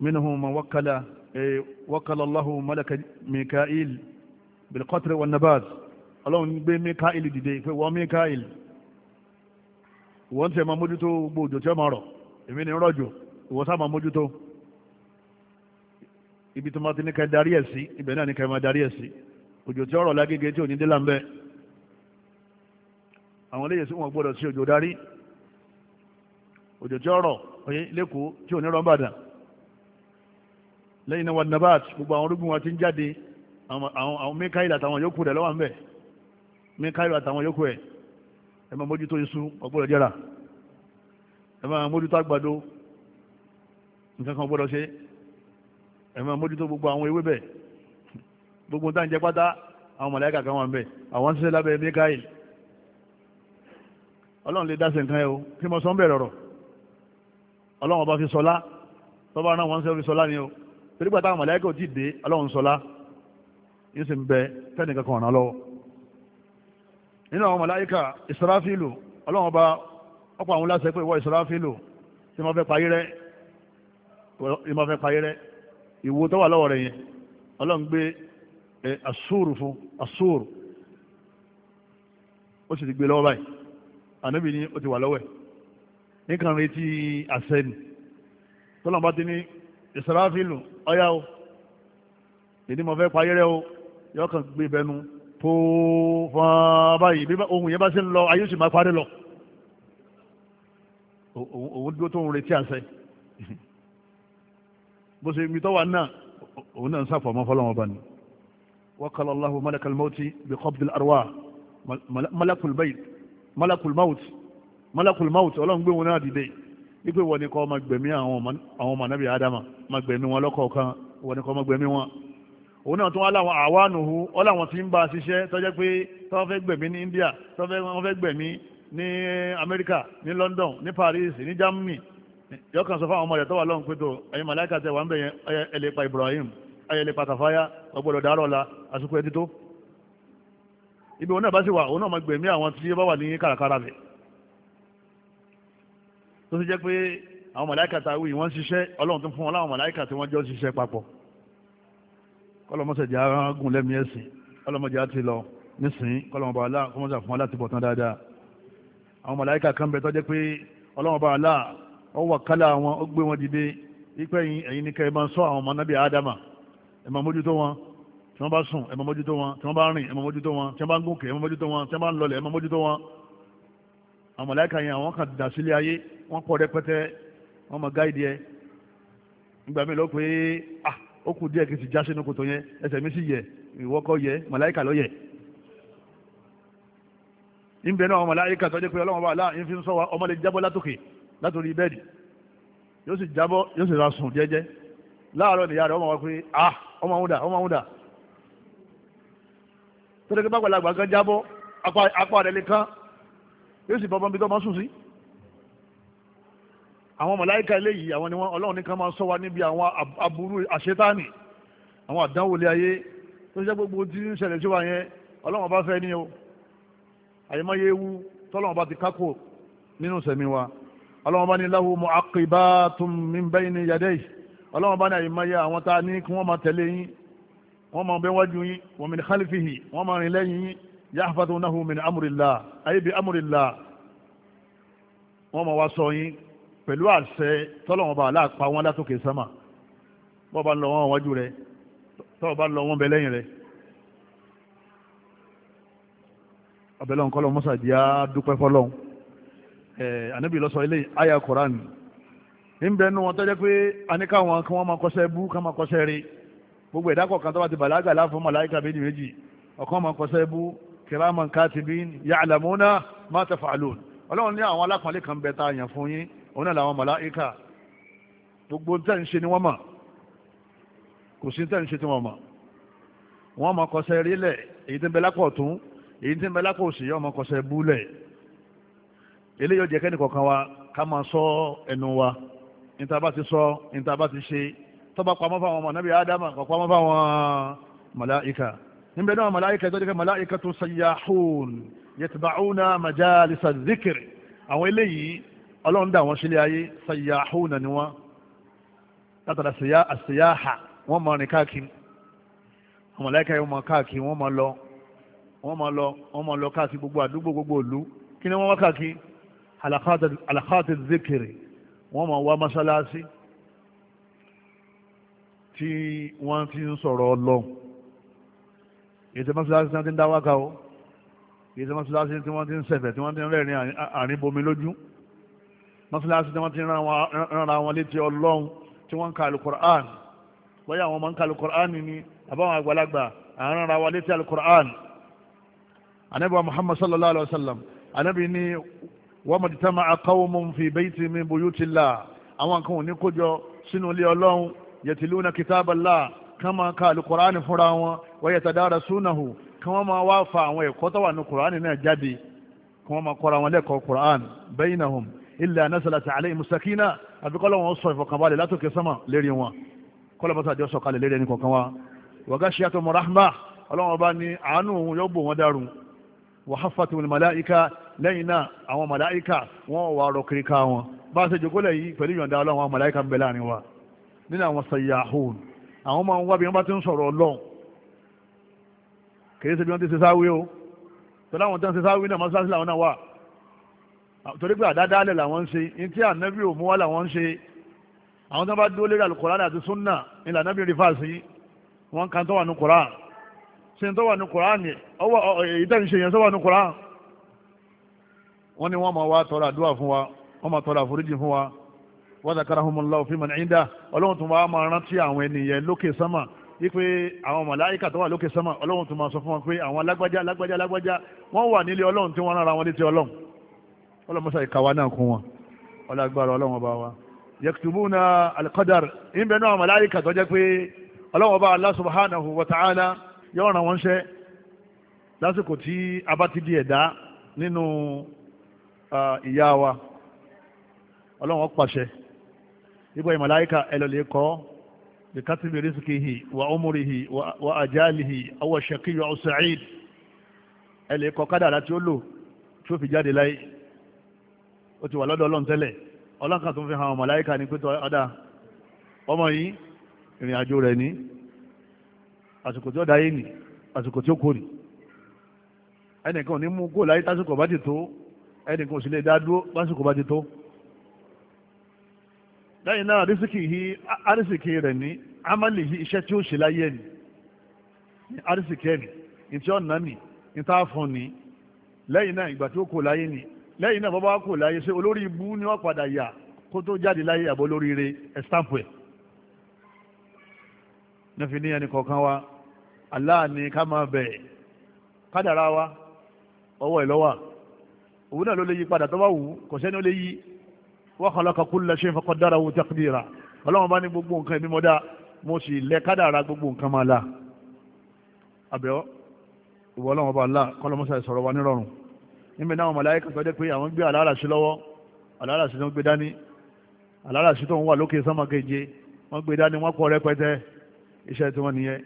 minhum man wakala e, wakala allahu malaka mikail bilqatri wa nabat ọlọ́run gbé mikail dìde pé wọ́n mikail wọ́n tẹ̀ máa mójútó gbogbo òjò tí ó máa rọ̀ èmi ni rọ̀jò ìwọ sá máa mójútó ibi tó máa ti ní ká darí ẹ̀ sí ibẹ̀ náà ní ká máa darí ẹ̀ sí òjò tí ó rọ̀ lágége tí ò ní dé láńbẹ́ àwọn eléyìí sí wọn gbọ́dọ̀ sí òjò darí òjò tí ọ̀rọ̀ oye lẹ́kọ̀ọ́ tí ò ní rọ̀ Ìbàdàn lẹ́yìn náà wà nabat gbogbo àwọn orúgbìn wọn ti ń jáde àwọn mikael àtàwọn yòókù rẹ̀ lọ́wọ́ ń bẹ̀ mikael àtàwọn yòókù ẹ̀ ẹ máa mójútó iṣu ọgbọ́dọ̀ jẹ́ra ẹ máa mójútó àgbàdo nǹkan kan ọgbọ́dọ̀ ṣe ẹ máa mójútó gbogbo àwọn ewébẹ̀ gbogbo tá à ń jẹ pátá àwọn màláíkà kan wà ń bẹ̀ àwọn ń ṣiṣẹ́ lábẹ́ mikael ọlọ́run lè dá sí nǹkan ẹ o kí mo sọ ń bẹ̀rẹ̀ ọ̀rọ̀ ọlọ́run ọba fi sọlá tọ́ba náà wọ́n ń sẹ́ fi sọlá ni o torí gbàtà mọ̀lẹ́kẹ́ ò t'i dé ọlọ́run sọlá yìí sì ń bẹ tẹ́nìkan kan ọ̀nà lọ́wọ́ nínú àwọn mọ̀láyíkà ìsirafilu ọlọ́run ọba àwọn láṣẹ pé ìwọ tí fẹ́ parí rẹ tí fẹ́ parí rẹ ìwo lọ́wọ́ rẹ yẹn ọlọ́run gbé asúrù fún asúrù ó sì ti gbé lọ́wọ́ nǹkan retí àṣẹ ni tọ́lọ́n bá ti ní ìsàráfìlù ọ̀yá o èdè mọ̀ fẹ́ payẹ́rẹ́ o yọ kàn gbé bẹnu tó fọ́n báyìí bí ohun yẹn bá ṣe ń lọ ayé sì máa parí lọ òun dúró tó ń retí àṣẹ bó ṣe mi tọ́wà náà òun náà ń sàfọ̀mọ́ fọlọ́wọn bá ní wákàlọ́láhu malakal mauti bi qabdil arwah malakul bayt malakul mauti malakul maut ọlọ́run gbé wọn náà dìde wípé wọ́n ní kọ́ máa gbẹ̀mí àwọn ọmọ anábì adama máa gbẹ̀mí wọn lọ́kọ̀ọ̀kan wọ́n ní kọ́ máa gbẹ̀mí wọn òun náà tún wá láwọn àwánuhu ọláwọn tí ń bá a ṣiṣẹ́ tọ́jẹ́ pé tọ́wọ́ fẹ́ gbẹ̀mí ní India tọ́wọ́ fẹ́ gbẹ̀mí ní Amẹ́ríkà ní London ní Paris ní Germany yọ kan sọ fún àwọn ọmọ rẹ̀ tọ́wọ́ lọ́hùn pé tó ẹ̀yin màláìka tẹ wà ń bẹ̀ yẹn ẹ̀lẹ́ pa Ibrahim ẹ̀lẹ́ pa tafaya ọgbọ́dọ̀ dárọ̀ la àsìkò ẹ̀dí tó ibi òun náà bá sì wà òun náà máa gbẹ̀mí àwọn tí ó bá wà ní kàràkàrà bẹ̀ tó fi jẹ́ pé àwọn màláìkà tá a wí wọ́n ṣiṣẹ́ ọlọ́run tó fún wọn láwọn màláìkà tí wọ́n jọ ṣiṣẹ́ papọ̀ kọ́lọ́mọ́sẹ̀ jẹ́ arágùn lẹ́mí ẹ̀sìn kọ́lọ́mọ́jẹ́ á ti lọ nísìnyí kọ́lọ́mọba alá kọ́mọ́sẹ̀ fún wọn láti bọ̀ tán dáadáa àwọn màláìkà kan bẹ tó jẹ́ pé ọlọ́mọba alá ó wà kálá wọn ó gbé wọn dìde ipẹ́ yìí ẹ̀yin ní kẹ́ ẹ máa sọ àwọn ọmọ nábì ádámà ẹ máa mójútó wọn tí wọ́n bá sùn ẹ máa mójútó wọn tí wọ́n bá rìn ẹ máa mójútó wọn tí wọ́n bá ń gòkè ẹ máa mójútó wọn tí wọ́n bá ń lọlẹ̀ ẹ máa mójútó wọn àwọn mọ̀láìkà yẹn àwọn kan dà sílé ayé wọ́n pọ̀ rẹpẹtẹ wọ́n mọ̀ gáìdì ẹ nígbà míì lọ pé ah ó kù díẹ̀ kì í ti já sínú kòtò yẹn ẹsẹ̀ mi sì yẹ ìwọ́kọ̀ yẹ mọ̀láìkà ló yẹ ìbẹ̀ náà mọ̀láìkà tó pé ọlọ́wọ́n bá fi ń sọ wa ọmọ lè jábọ́ látòkè látòrí bẹ́ẹ̀dì yóò sì jábọ́ yóò sì ra sùn jẹ́jẹ́ láàárọ̀ nìyá rẹ̀ ọmọ wa pé ah ọmọ òun dà ọmọ òun dà tó dé pé bá yóò sì bọ́bọ́n bí tó máa sùn sí àwọn mọ̀láìka eléyìí àwọn ni wọn ọlọ́run nìkan máa sọ wa níbi àwọn aburú àṣetáàní àwọn àdánwò ayé tó ṣe gbogbo tí ń ṣẹlẹ̀ sí wa yẹn ọlọ́run ọba fẹ́ ní o àyèmáyé ewu tọ́lọ́run ọba ti kákò nínú sẹ̀mí wa ọlọ́run ọba ní lahu mu'aqibatun min bayni yadayhi ọlọ́run ọba ní àyèmáyé àwọn tá a ní kí wọ́n máa tẹ̀lé yín wọ́n máa bẹ́ wájú yín wọ́n máa rìn yahfazunahu min amrillah ayé bi amrillah wọ́n ma wá sọ yín pẹ̀lú àṣẹ tọ́lọ́wọ́n bá aláàpá wọn látòkè sámà bọ́ọ̀ bá ń lọ wọn wájú rẹ tọ́ọ̀ bá ń lọ wọn bẹ lẹ́yìn rẹ. abẹ́lẹ́ ọ̀nkọ́ lọ́wọ́ mọ́sàdí á dúpẹ́ fọ́lọ́hún ẹ̀ ànábì ilé àyà koran níbẹ̀ nù wọn tọ́jẹ́ pé aníkà wọn kí wọ́n máa bú ká máa kọ́ṣẹ́ rí gbogbo ẹ̀dá kọ̀ọ̀kan tó bá ti bàlágà láàfọ́ màláìkà méjì méjì ọ̀kan máa kọ́ṣẹ́ bú kìrámà katibin ya'lamuna ma taf'alun ọlọ́run ní àwọn alákùnrin kan bẹ tá a yàn fún yín òun náà làwọn màláíkà gbogbo tẹ́ ń ṣe ni wọ́n mọ̀ kò sí tẹ́ ń ṣe tí wọ́n mọ̀ wọ́n mọ̀ kọsẹ̀ rílẹ̀ èyí tí ń bẹ lápò ọ̀tún èyí tí ń bẹ lápò òsì yọ̀ mọ̀ kọsẹ̀ búlẹ̀ eléyìí ọjà kẹ́ni kọ̀ọ̀kan wa ká máa sọ ẹnu wa níta bá ti sọ níta bá ti ṣe tọ́ba pamọ́ fáwọn ọmọ nábì ádámà kọ̀ pamọ́ fáwọn màláíkà níbẹ̀ náà màláìkà tó jẹ́ màláìkà tó sayyahun yatba'una majalisa zikir àwọn eléyìí ọlọ́run dà wọ́n sílé ayé sayyahun ni wọ́n látara àṣeyáhà wọ́n máa rìn káàkiri àwọn màláìkà yẹn máa káàkiri wọ́n máa lọ wọ́n máa lọ wọ́n máa lọ káàkiri gbogbo àdúgbò gbogbo ìlú kí ni wọ́n wá káàkiri alakati zikir wọ́n máa wá mọ́ṣáláṣí tí wọ́n ti ń sọ̀rọ̀ ọlọ́run ètò mọ́sálásí tí ń dá wákà o ètò mọ́sálásí tí wọ́n ti ń sẹ̀fẹ̀ tí wọ́n ti ń rẹ́rìn àárín bomi lójú mọ́sálásí tí wọ́n ti ń rán wọn létí ọlọ́run tí wọ́n ń ka alukur'an bóyá àwọn ọmọ ń ka alukur'an ni àbáwọn àgbàlagbà àárín ra wọn létí alukur'an anabi wa muhammad sallallahu alaihi wa sallam anabi ni wọ́n mọ̀ títà máa qawmun fi bayti min buyutillah àwọn kan ò ní kójọ sínú ilé ọlọ́run yatiluna kitaballah kán máa ka alukurani fúnra wọn wọ́n yẹ tàdára súnahu kí wọ́n máa wá fa àwọn ẹ̀kọ́ tó wà ní kurani náà jáde kí wọ́n máa kọ́ra wọn lẹ́kọ̀ọ́ kurani bainahum illa nasalat alayhim sakina àbíkọ́lọ́ wọn sọ ìfọkànbalẹ̀ látòkè sánmà lérí wọn kọ́lọ́ bá sàjọ́ sọ̀kalẹ̀ lérí ẹni kọ̀ọ̀kan wa wàgáṣíyàtọ̀ mọ̀ráhùnmá ọlọ́wọ́n bá ní àánú òun yóò bò wọ́n dárùn wàháfàtí wọn màláìka lẹ́yìn náà àwọn màláìka wọ́n wà rọ kiri ká wọn bá a ṣe jòkólẹ̀ yìí pẹ̀lú ìyọ̀ǹda ọlọ́wọ́n màláìka ń bẹ láàrin wa nínú àwọn sayyahun àwọn máa ń wá bí wọ́n bá ti ń sọ̀rọ̀ ọlọ́run kìí ṣe bí wọ́n ti ṣe sáwé o tọ́lá àwọn tó ń ṣe sáwé náà mọ́ṣáláṣí làwọn náà wà torí pé àdádálẹ̀ làwọn ń ṣe ní tí ànábì ò mú wá làwọn ń ṣe àwọn tó bá dúró lérí alukọ̀rán àti súnà ní lànábì rí fàásì wọn kan tó wà ní kọ̀rán ṣe tó wà ní kọ̀rán ni ọwọ́ èyí tẹ̀ ń ṣe yẹn tó wà ní kọ̀rán wọ́n ní wọ́n máa wá tọrọ àdúrà fún wa wọ́n máa tọrọ àforíjì fún wa wa zakarahumullahu fi man inda ọlọ́run tún wá máa rántí àwọn ènìyàn lókè sánmà wípé àwọn màláìkà tó wà lókè sánmà ọlọ́run tún máa sọ fún wọn pé àwọn alágbájá alágbájá alágbájá wọ́n wà nílé ọlọ́run tí wọ́n rán ara wọn létí ọlọ́run ọlọ́mọṣà ìkàwá náà kún wọn ọlágbára ọlọ́run ọba wa yaktubuna alqadar ìbẹ̀ náà màláìkà tó jẹ́ pé ọlọ́run ọba Allah subhanahu wa ta'ala yóò ràn wọ́n ṣẹ́ lásìkò tí a bá ti ah, ọlọ́run ó pàṣẹ ibò ìmàláíkà ẹlọ́lẹ̀ kọ́ bí kátìbì rísìkìhì wà ọmọrìhì wà àjálìhì awọ ṣẹkíyọ ọsàáìd ẹlẹ́ kọ́ kádàrá tí ó lò tí ó fi jáde láyé ó ti wà lọ́dọ̀ ọlọ́run tẹ́lẹ̀ ọlọ́run kan tó ń fi hàn màláíkà ní pẹ́tọ́ ọ̀dà ọmọ yìí ìrìn àjò rẹ̀ ní àsìkò tí ó dáyé nì àsìkò tí ó kórì ẹnìkan ò ní mú kó láyé tásìkò ti tó ẹnìkan ò sì lè dá dúró tásìkò bá ti tó lẹ́yìn náà arísìkì arísìkì rẹ̀ ní iṣẹ́ ṣe láyé ni arísìkì ẹ̀ ní ìtí ọ̀nà ní ìta fún ni lẹ́yìn náà ìgbà tí ó kò láyé ni lẹ́yìn náà bọ́bá kò láyé ṣe olórí ibú ni wọ́n padà yà kó tó jáde láyé àbọ̀ re ẹ̀ ní ni ká máa bẹ̀ kádàrá wa ọwọ́ ẹ̀ òun náà ló lè yí wa khalaqa kulla shay'in faqaddarahu taqdira ọlọ́run bá ní gbogbo nǹkan ẹ̀mí mọ́dá mo sì lẹ kádàrá gbogbo nǹkan máa la àbẹ̀wọ́ ìwọ ọlọ́run bá la kọ́lọ́mọ́sá ìsọ̀rọ̀ wa nírọ̀rùn níbi náà màláyíkà tó jẹ́ pé àwọn gbé àláràṣí lọ́wọ́ àláràṣí tó ń gbé dání àláràṣí tó ń wà lókè sánmà keje wọ́n gbé dání wọ́n kọ́ rẹpẹtẹ iṣẹ́ tí wọ́n nìyẹn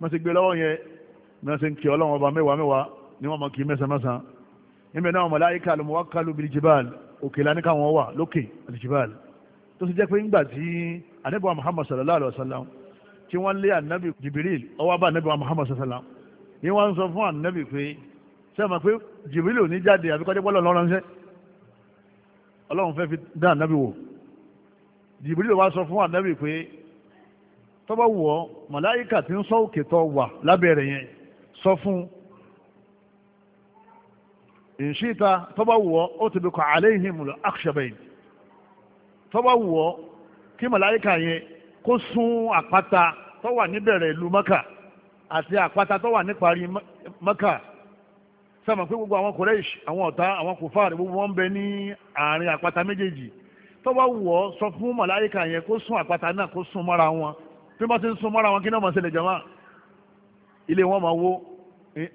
wọ́n ti gbé lọ́wọ́ yẹn náà ṣe ń kí ọlọ́run ọba mẹ́wàá mẹ́wàá ni wọ́n mọ̀ kí mẹ́sàn-án mẹ́sàn-án níbi náà màláyíkà lọ́mọ́wá kálù bíi jibal òkè lani káwọn wà lókè alìjìbáàlì tó ti jẹ́ pé ńgbà tí anábìwá muhammad sallallahu alayhi wa sallam tí wọ́n lé anábì jibril ó wá bá anábìwá muhammad sallallahu alayhi wa sallam ni wọ́n sọ fún anábì pé sẹ́wọ̀n pé jibril ò ní jáde àbíkọ́jẹ́ pọ́lọ́ lọ́rọ́ ńṣẹ́ ọlọ́run fẹ́ fi dá anábì wò jibril wá sọ fún anábì pé tọ́bọ̀ wọ̀ màláyíkà tí ń sọ òkè tó wà lábẹ́ yẹn sọ fún un ìṣíta tọ́bá wọ́ ó ti bí kọ àléhìmùlọ akṣẹ́bẹ̀yìn tọ́bá wọ́ kí màláíkà yẹn kó sún àpáta tó wà níbẹ̀rẹ̀ ìlú maka àti àpáta tó wà níparí maka sọ́mọ̀ pé gbogbo àwọn kòrẹ́ṣì àwọn ọ̀tá àwọn kòfààrí gbogbo wọn bẹ ní àárín àpáta méjèèjì tọ́bá wọ́ sọ fún màláíkà yẹn kó sún àpáta náà kó sún mọ́ra wọn bí wọ́n ti ń sún mọ́ra wọn kí náà máa ṣẹlẹ̀ jama ilé wọn máa wó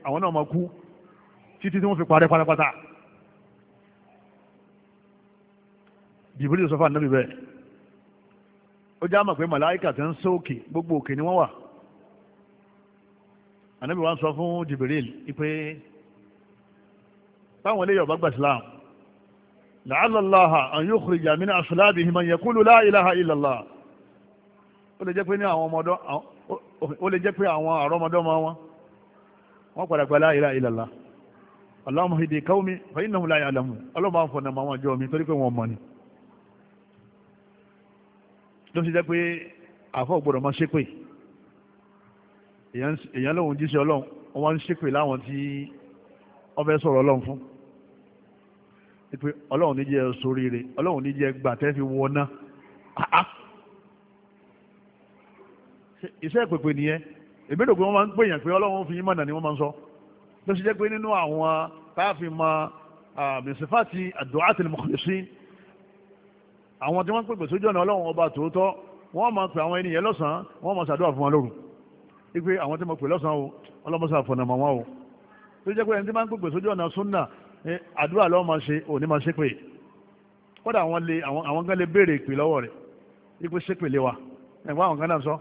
àwọn náà máa kú títí tí wọ́n fi parẹ́ pátápátá jìbìrì sọ fún ànábì ó já mọ̀ pé màláìkà ti ń sóòkè gbogbo òkè ni wọ́n wà ànábì wa ń sọ fún jìbìrì pé táwọn eléyìí ọba gba islam làálàláha an yukhrija min aslabihim man yaqulu la ilaha illallah ó lè jẹ́ pé ní àwọn ọmọdọ́ ó lè jẹ́ pé àwọn àrọ́mọdọ́mọ wọn wọ́n padà gba la ilaha Allahumma hidi qaumi fa innahum la alamu. ọlọ́mọ àwọn fọ̀nà àwọn àjọ mi torí pé wọ́n mọ̀ ni. ló ti jẹ́ pé àfọ̀ gbọ́dọ̀ máa ṣépè èèyàn lòun jíṣẹ́ ọlọ́run wọ́n wá ń ṣépè láwọn tí wọ́n fẹ́ sọ̀rọ̀ ọlọ́run fún pé ọlọ́run ní jẹ́ soríire ọlọ́run ní jẹ́ gbà tẹ́ fi wọná iṣẹ́ ìpèpè nìyẹn èmi rò pé wọ́n máa ń pèèyàn pé ọlọ́run fi yín mọ̀nà ni wọ́n máa ń sọ ló ṣe jẹ́ pé nínú àwọn táàfin mọ mẹsìfàtì àdúà àti mọ̀kànlẹ́sìn àwọn tí wọ́n ń pèpè sójú ọ̀nà ọlọ́run ọba tòótọ́ wọ́n máa pè àwọn ènìyàn lọ́sàn-án wọ́n máa ṣàdúrà fún wọn lóru wípé àwọn tí mo pè lọ́sàn-án o ọlọ́mọṣà fọ̀nàmọ̀ wọn o tó jẹ́ pé ẹni tí máa ń pèpè sójú ọ̀nà súnà àdúrà lọ́wọ́ máa ṣe òní máa ṣe pé kódà àwọn lè àwọn kan lè béèrè ìpè lọ́wọ́ rẹ̀ wípé ṣépè lé wa ẹ̀gbọ́n àwọn kan náà sọ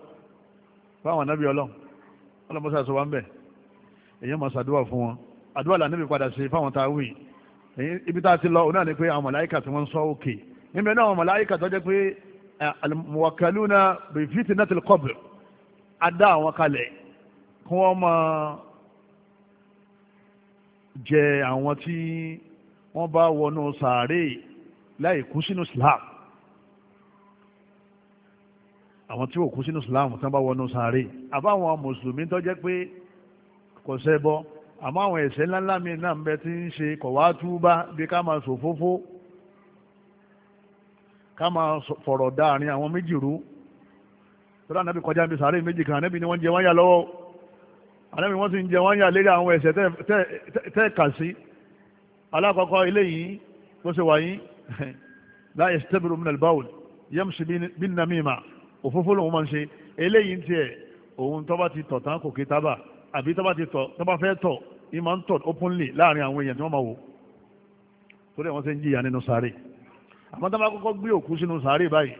fún àwọn anábì ọlọ́run ọlọ́mọṣà sọ wá ń bẹ̀ èyàn máa ṣàdúrà fún wọn àdúrà là níbi padà ṣe fáwọn tá a wí ibi tá a ti lọ òun náà ni pé àwọn màláìkà tí wọ́n ń sọ òkè níbẹ̀ náà àwọn màláìkà tó jẹ́ pé al-muwakkaluna bi fitnatil qabr adá àwọn kalẹ̀ kí wọ́n máa jẹ àwọn tí wọ́n bá wọnú sàárè láì kú sínú islam àwọn tí ò kú sínú islam tí wọ́n bá wọnú sàárè àbáwọn mùsùlùmí tó jẹ́ pé kò ṣẹbọ àmọ́ àwọn ẹ̀ṣẹ̀ ńláńlá mi náà ń bẹ tí ń ṣe kọ̀ wá túbá bí ká máa ṣòfófó ká máa fọ̀rọ̀ dá àárín àwọn méjì rú tọ́lá nàbí kọjá níbi sàárè méjì kan ànábì ni wọ́n jẹ wọ́n yà lọ́wọ́ ànábì wọ́n sì ń jẹ wọ́n yà lérí àwọn ẹ̀ṣẹ̀ tẹ́ kà sí alákọ̀ọ́kọ́ eléyìí tó ṣe wáyé la yastabiru min al-bawl yamshi bin namima òfófó lòun máa ń ṣe eléyìí ń tiẹ̀ òun tó bá ti tọ̀tán kò kí tábà àbí tó bá ti tọ̀ tó bá fẹ́ tọ̀ ní máa ń tọ̀ openly láàrin àwọn èèyàn tí wọ́n máa wò torí àwọn ṣe ń jìyà nínú sáré àmọ́ tó bá kọ́kọ́ gbé òkú sínú sáré báyìí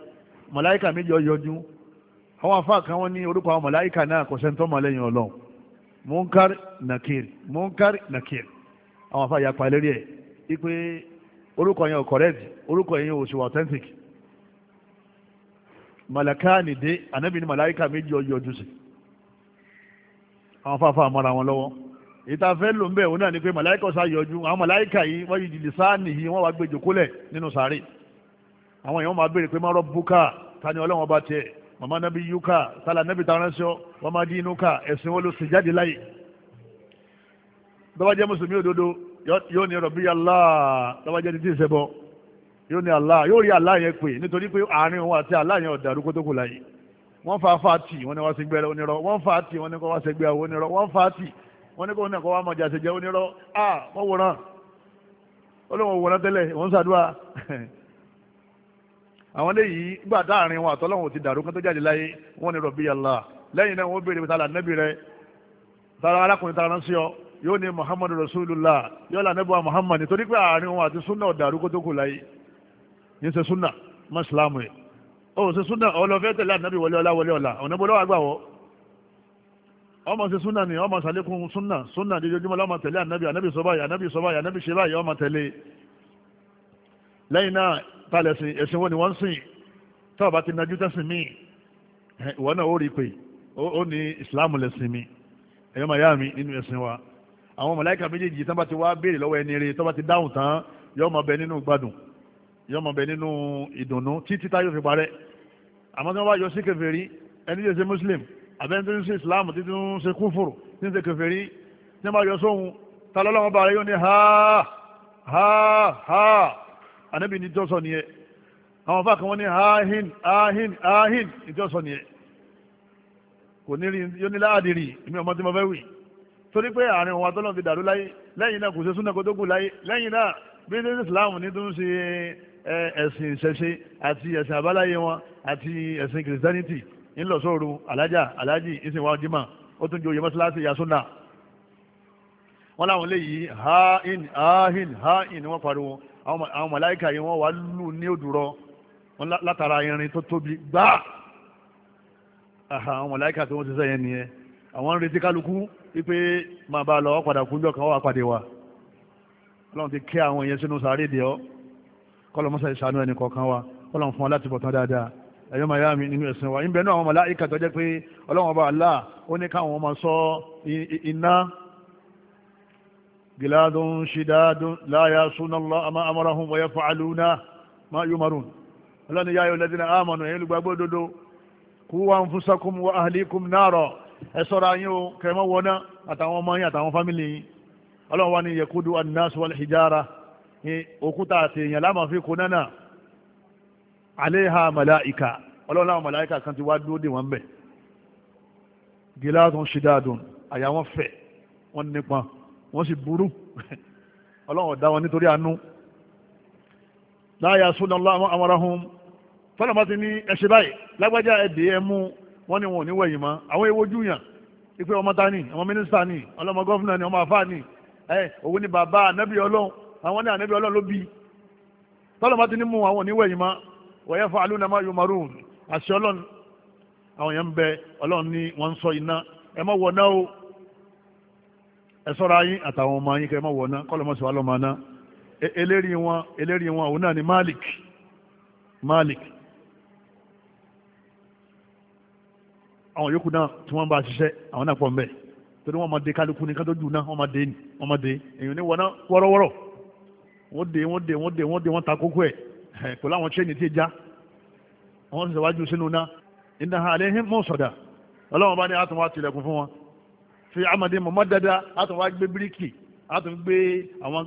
màláìkà méjì ọyọjú àwọn afá kan wọ́n ní orúkọ àwọn màláìkà náà kò ọlọ́run munkar nakir munkar nakir àwọn afá yapa lérí ẹ̀ ipe orúkọ yẹn ò correct orúkọ yẹn ò authentic àwọn fáfá mọ́ra wọn lọ́wọ́ ìta fẹ́ lò ń bẹ̀ òun náà ni pé màláìkà ọ̀sá yọjú àwọn màláìkà yìí wọ́n yìí lìsáàní yìí wọ́n wá gbé jòkólẹ̀ nínú sàárè àwọn èèyàn máa béèrè pé má rabbuka tani ọlọ́wọ́n bá tiẹ̀ màmá nábì yúkà tálà nábì taránṣọ́ wọ́n má dinuka ẹ̀sìn wọn ló sì jáde láyè bọ́bá jẹ́ mùsùlùmí òdodo yóò ní rọ̀bí Allah bọ́bá jẹ́ títí ìṣẹ́bọ Allah yóò rí Allah yẹn pè nítorí pé Allah yẹn ọ̀dàrú kótókò wọ́n fa fati wọ́n ní wọ́n ṣe gbẹ́rẹ́ onírọ́ wọ́n fati wọ́n ní kọ́ wá ṣe gbẹ́ àwọn onírọ́ wọ́n fati wọ́n ní kọ́ ní kọ́ wá mọ̀jà ṣe jẹ́ onírọ́ à wọ́n wòran olóhùn wòran tẹ́lẹ̀ wọ́n ṣàdúrà àwọn eléyìí gbà dáàrin wọn àtọ́lọ́hùn ti dàrú kán tó jáde láyé wọ́n ní rọ̀bí Allah lẹ́yìn náà wọ́n béèrè pé tala nẹ́bí rẹ tara arákùnrin tara ránṣẹ́ ọ yóò ní Muhammad Rasulullah yóò là nẹ́bí wa Muhammad nítorí pé àárín wọn àti sunna ọ̀dàrú kó tó kù láyé yín ṣe sunna mọ́ ìsìlámù yìí ó ṣe súnà ọlọ́fẹ́ tẹ̀lé ànábì wọlé ọlá wọlé ọlá ọ̀nà bọ́lá wà ọmọ ṣe súnà ni ọmọ ṣàlékún súnà súnà dídójúmọ́ lọ́mọ tẹ̀lé ànábì ànábì sọ báyìí ànábì sọ báyìí ànábì ṣe báyìí ọmọ tẹ̀lé lẹ́yìn náà talẹ̀ sìn ẹ̀sìn wo ni wọ́n ń sìn tọ́ ọba ti najú tẹ́sìn míì ìwọ náà ó rí i pé ó ní ìsìláàmù lẹ́sìn mi ẹ̀yọ́ màá yá mi nínú ẹ̀sìn wa àwọn màláíkà méjèèjì tán bá ti wá béèrè lọ́wọ́ ẹni rè tán bá ti dáhùn tán yọ́ ọmọ bẹ nínú gbádùn yọ mọ̀ bẹ nínú ìdùnnú títí táyọ̀ fi parẹ́ àmọ́ tí wọ́n bá yọ sí kèfèrí ẹni tí ó ṣe muslim àbẹ́ni tó ń ṣe islam títí ń ṣe kúfùrù tí ń ṣe kèfèrí tí wọ́n bá yọ sóhun ta lọ́lọ́wọ́ bá rẹ̀ yóò ní ha ha ha anábì ní jọ́sọ̀ nìyẹn àwọn afá kan wọ́n ní ahin ahin ahin ìjọ́sọ̀ nìyẹn kò ní rí yóò ní láàdìrí èmi ọmọ tí mo fẹ́ wì torí pé àárín òun àtọ́lọ́ fi dàrú láyé lẹ́yìn náà kò ṣe súnà kó kù láyé lẹ́yìn náà bí islam ní tó ń ṣe ẹ̀sìn ìṣẹ̀ṣe àti ẹ̀sìn àbáláyé wọn àti ẹ̀sìn kìrìsìtẹ́nìtì ńlọsọ́ọ̀rù alájà alájì ìsìnwá jimá ó tún joyè mọ́sálásí yasúnà wọ́n láwọn léyìí hain hain hain ni wọ́n pariwo àwọn màláìka yìí wọ́n wà lù ní òdùrọ̀ wọ́n látara irin tó tóbi gbá àwọn màláìka tó wọ́n ti sẹ́yìn nìyẹn àwọn ń retí kálukú wípé máa bá lọ padà kúnjọ kan wà pàdé wa ọlọ́run ti kẹ́ àwọn yẹn sínú sàárè dè ọ́ kọ́lọ̀ mọ́sá ìṣàánú ẹni kọ̀ọ̀kan wa kọ́lọ̀ fún wa láti bọ̀ tán dáadáa ẹ̀yọ́ máa yá mi nínú ẹ̀sìn wa ìbẹ̀nú àwọn màláíkà tó jẹ́ pé ọlọ́run ọba Allah ó ní káwọn máa sọ iná giladun shidadun la ya'sunallaha ma amarahum wa yaf'aluna ma yumarun ọlọ́ni yá yóò lẹ́dínà àmọ̀nù ẹ̀yìn olùgbàgbọ́ òdodo kú wa anfusakum wa ahlikum naro ẹ sọ́ra yín o kẹrẹ́mọ́ wọná àtàwọn ọmọ yín àtàwọn fámìlì yín ọlọ́run wa ni yakudu an-nas hijara òkúta àti èèyàn láàmà fi kó náà àléhà màláìka ọlọ́run láwọn màláìka kan ti wá dúró dè wọ́n bẹ̀ gíláàdùn ṣídáàdùn àyà wọn fẹ̀ wọ́n nípa wọ́n sì burú ọlọ́run ọ̀dá wọn nítorí àánú láyà súnà láwọn amarahun fọlọ́mọ́ ti ní ẹṣẹ́ báyìí lágbájá ẹ̀dẹ́ ẹ mú wọ́n ní wọn ò ní wẹ̀yìn mọ́ àwọn ewo júyàn ipe ọmọ ta ni ọmọ mínísítà ni ọlọ́mọ gọ́fúnà àwọn ní ànábì ọlọ́run ló bí tọ́lọ́ bá ti ní mú àwọn oníwẹ̀ yìí má wọ̀nyẹ́ fún alúna má ẹ wọ̀ o ẹ sọ́ra yín àtàwọn ọmọ yín kẹ́ ẹ wọ̀ náà kọ́lọ́ wa e, eléri wọn eléri wọn òun náà ni Malik Malik àwọn yòókù náà tí wọ́n bá ṣiṣẹ́ àwọn náà pọ̀ ń bẹ̀ torí wọ́n máa de kálukú ní kájọ́jú náà wọ́n máa de ni wọ́n máa wọ́n dé wọ́n dé wọ́n dé wọ́n dé wọ́n ta kókó ẹ̀ pẹ̀lú àwọn chain tí já wọ́n sì wájú sínú ná iná alẹ́ hìn mọ́ sọ̀dà ọlọ́wọ́n bá ní àtún wá tilẹ̀kùn fún wọn fi amadi mọ̀mọ́ dada àtún wá gbé bíríkì àtún gbé àwọn